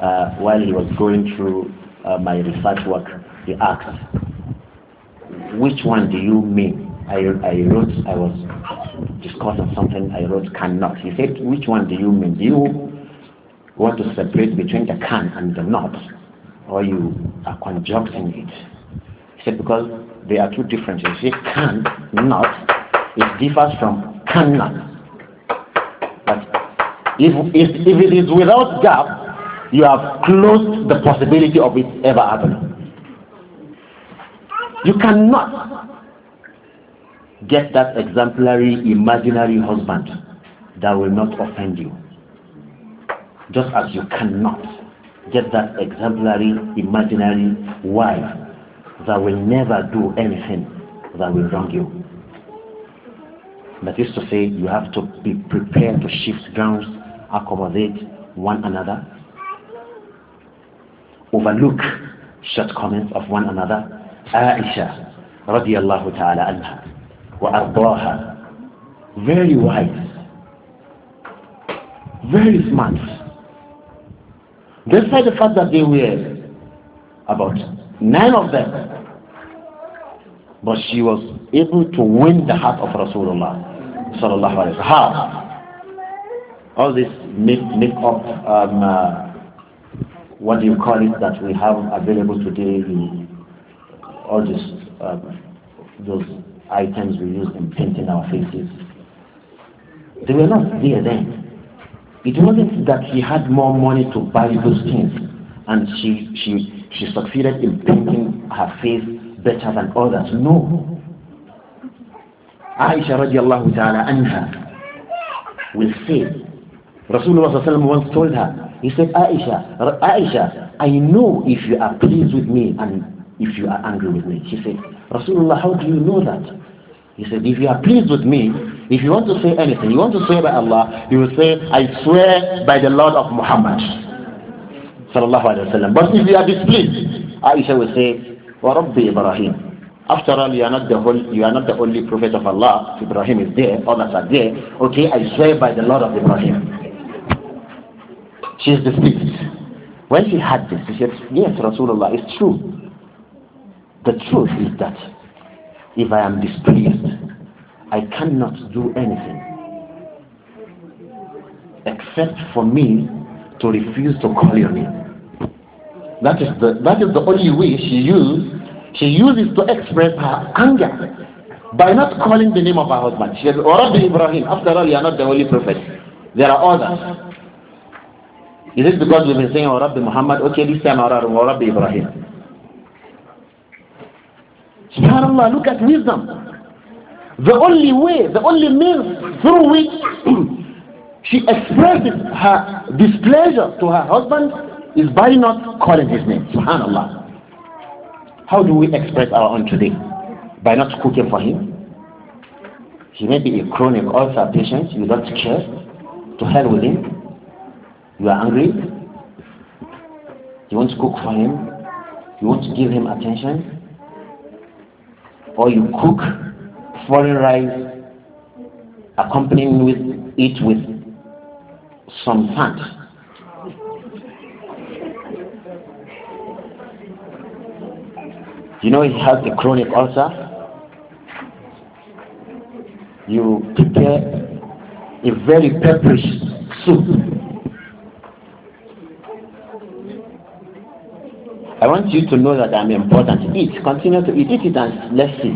uh, while he was going through uh, my research work, he asked, "Which one do you mean?" I, I wrote, I was discussing something. I wrote, "Cannot." He said, "Which one do you mean? Do you want to separate between the can and the not, or you are conjuncting it?" He said, because there are two different things. He can not. It differs from cannot. But if, if, if it is without gap, you have closed the possibility of it ever happening. You cannot get that exemplary imaginary husband that will not offend you. Just as you cannot get that exemplary imaginary wife that will never do anything that will wrong you. That is to say, you have to be prepared to shift grounds, accommodate one another, overlook shortcomings of one another. Aisha radiallahu ta'ala anha wa ardaha very wise very smart despite the fact that they were about None of them. But she was able to win the heart of Rasulullah. Sallallahu Alaihi Wasallam. How? All this make, make up, um, uh, what do you call it, that we have available today, all these, um, those items we use in painting our faces. They were not there then. It wasn't that he had more money to buy those things and she, she she succeeded in painting her face better than others. No. Aisha radiallahu ta'ala anha will say, Rasulullah sallam once told her, he said, Aisha, Aisha, I know if you are pleased with me and if you are angry with me. She said, Rasulullah, how do you know that? He said, if you are pleased with me, if you want to say anything, you want to swear by Allah, you will say, I swear by the Lord of Muhammad sallallahu alayhi wa sallam. But if you are displeased, Aisha will say, وَرَبِّ Ibrahim. After all, you are not the whole, you are not the only prophet of Allah. Ibrahim is there, others are there. Okay, I swear by the Lord of Ibrahim. She is displeased. When she had this, she said, Yes, Rasulullah, it's true. The truth is that if I am displeased, I cannot do anything except for me to refuse to call your name. That is the, that is the only way she uses she uses to express her anger by not calling the name of her husband. She says, O Rabbi Ibrahim, after all, you are not the only prophet. There are others. Is it because we've been saying, O oh, Rabbi Muhammad, okay, this time, O oh, Rabbi Ibrahim. SubhanAllah, look at wisdom. The only way, the only means through which she expresses her displeasure to her husband is by not calling his name? Subhanallah. How do we express our own today? By not cooking for him? He may be a chronic ulcer patient, you don't care. To hell with him. You are angry. You won't cook for him. You won't give him attention. Or you cook foreign rice accompanying with it with some fat. You know he has a chronic ulcer. You prepare a very peppery soup. I want you to know that I'm important. Eat, continue to eat, eat it and let's see.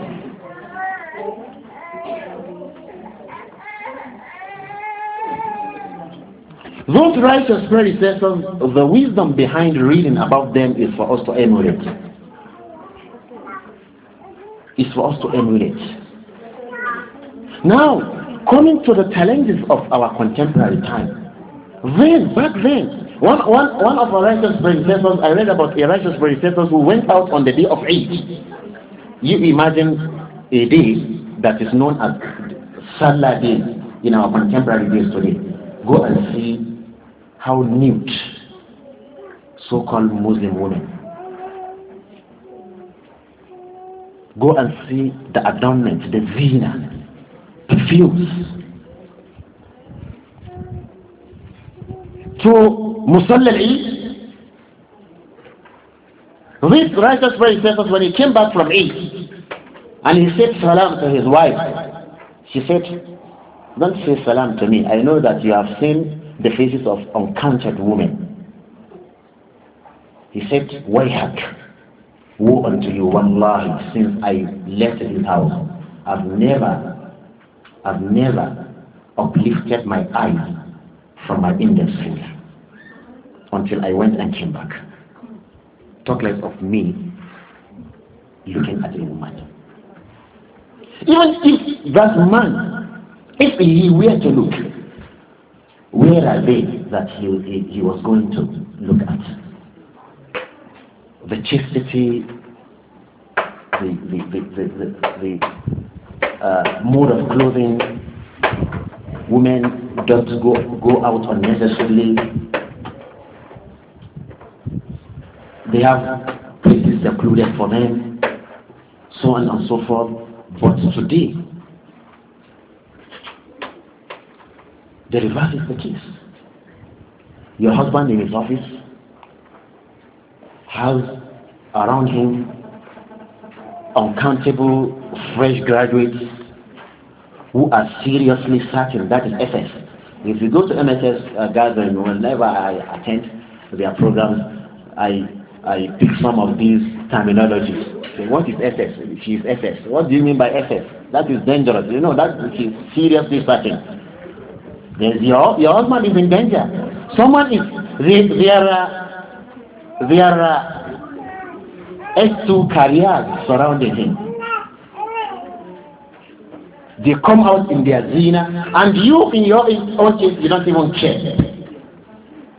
Those righteous predecessors, the wisdom behind reading about them is for us to emulate is for us to emulate. Now, coming to the challenges of our contemporary time. Then, back then, one, one, one of our righteous predecessors, I read about a righteous predecessor who went out on the day of Eid. You imagine a day that is known as Salah Day in our contemporary days today. Go and see how nude so-called Muslim women Go and see the adornment, the zina, perfumes. To Musalla read, eid this righteous He says when he came back from Eid and he said salam to his wife, she said, Don't say salam to me. I know that you have seen the faces of uncounted women. He said, Wayhak. Woe unto you, wallahi, since I left his house, I've never, I've never uplifted my eyes from my index finger until I went and came back. Talk less of me looking at a woman. Even if that man, if he were to look, where are they that he, he, he was going to look at? the chastity, the, the, the, the, uh, mode of clothing. Women don't go, go out unnecessarily. They have places secluded for them, so on and so forth. But today, the reverse is the case. Your husband in his office has around him uncountable fresh graduates who are seriously searching. That is SS. If you go to MSS uh, gathering, whenever I attend their programs, I I pick some of these terminologies. Say, what is SS? She is SS. What do you mean by SS? That is dangerous. You know that is seriously searching. There's your your husband is in danger. Someone is they there are uh, there are uh, S2 carriers surrounding him. They come out in their zina, and you in your own case, you don't even care.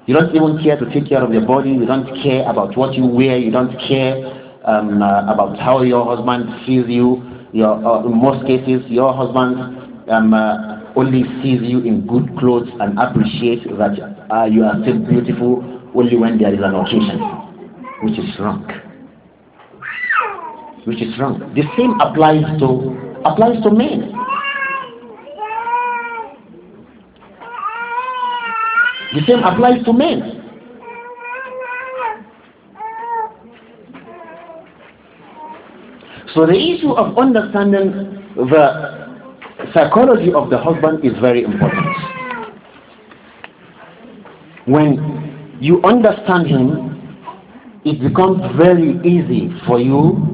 You don't even care to take care of your body. You don't care about what you wear. You don't care um, uh, about how your husband sees you. Your, uh, in most cases, your husband um, uh, only sees you in good clothes and appreciates that uh, you are still beautiful only when there is an occasion, which is wrong. Which is wrong. The same applies to applies to men. The same applies to men. So the issue of understanding the psychology of the husband is very important. When you understand him, it becomes very easy for you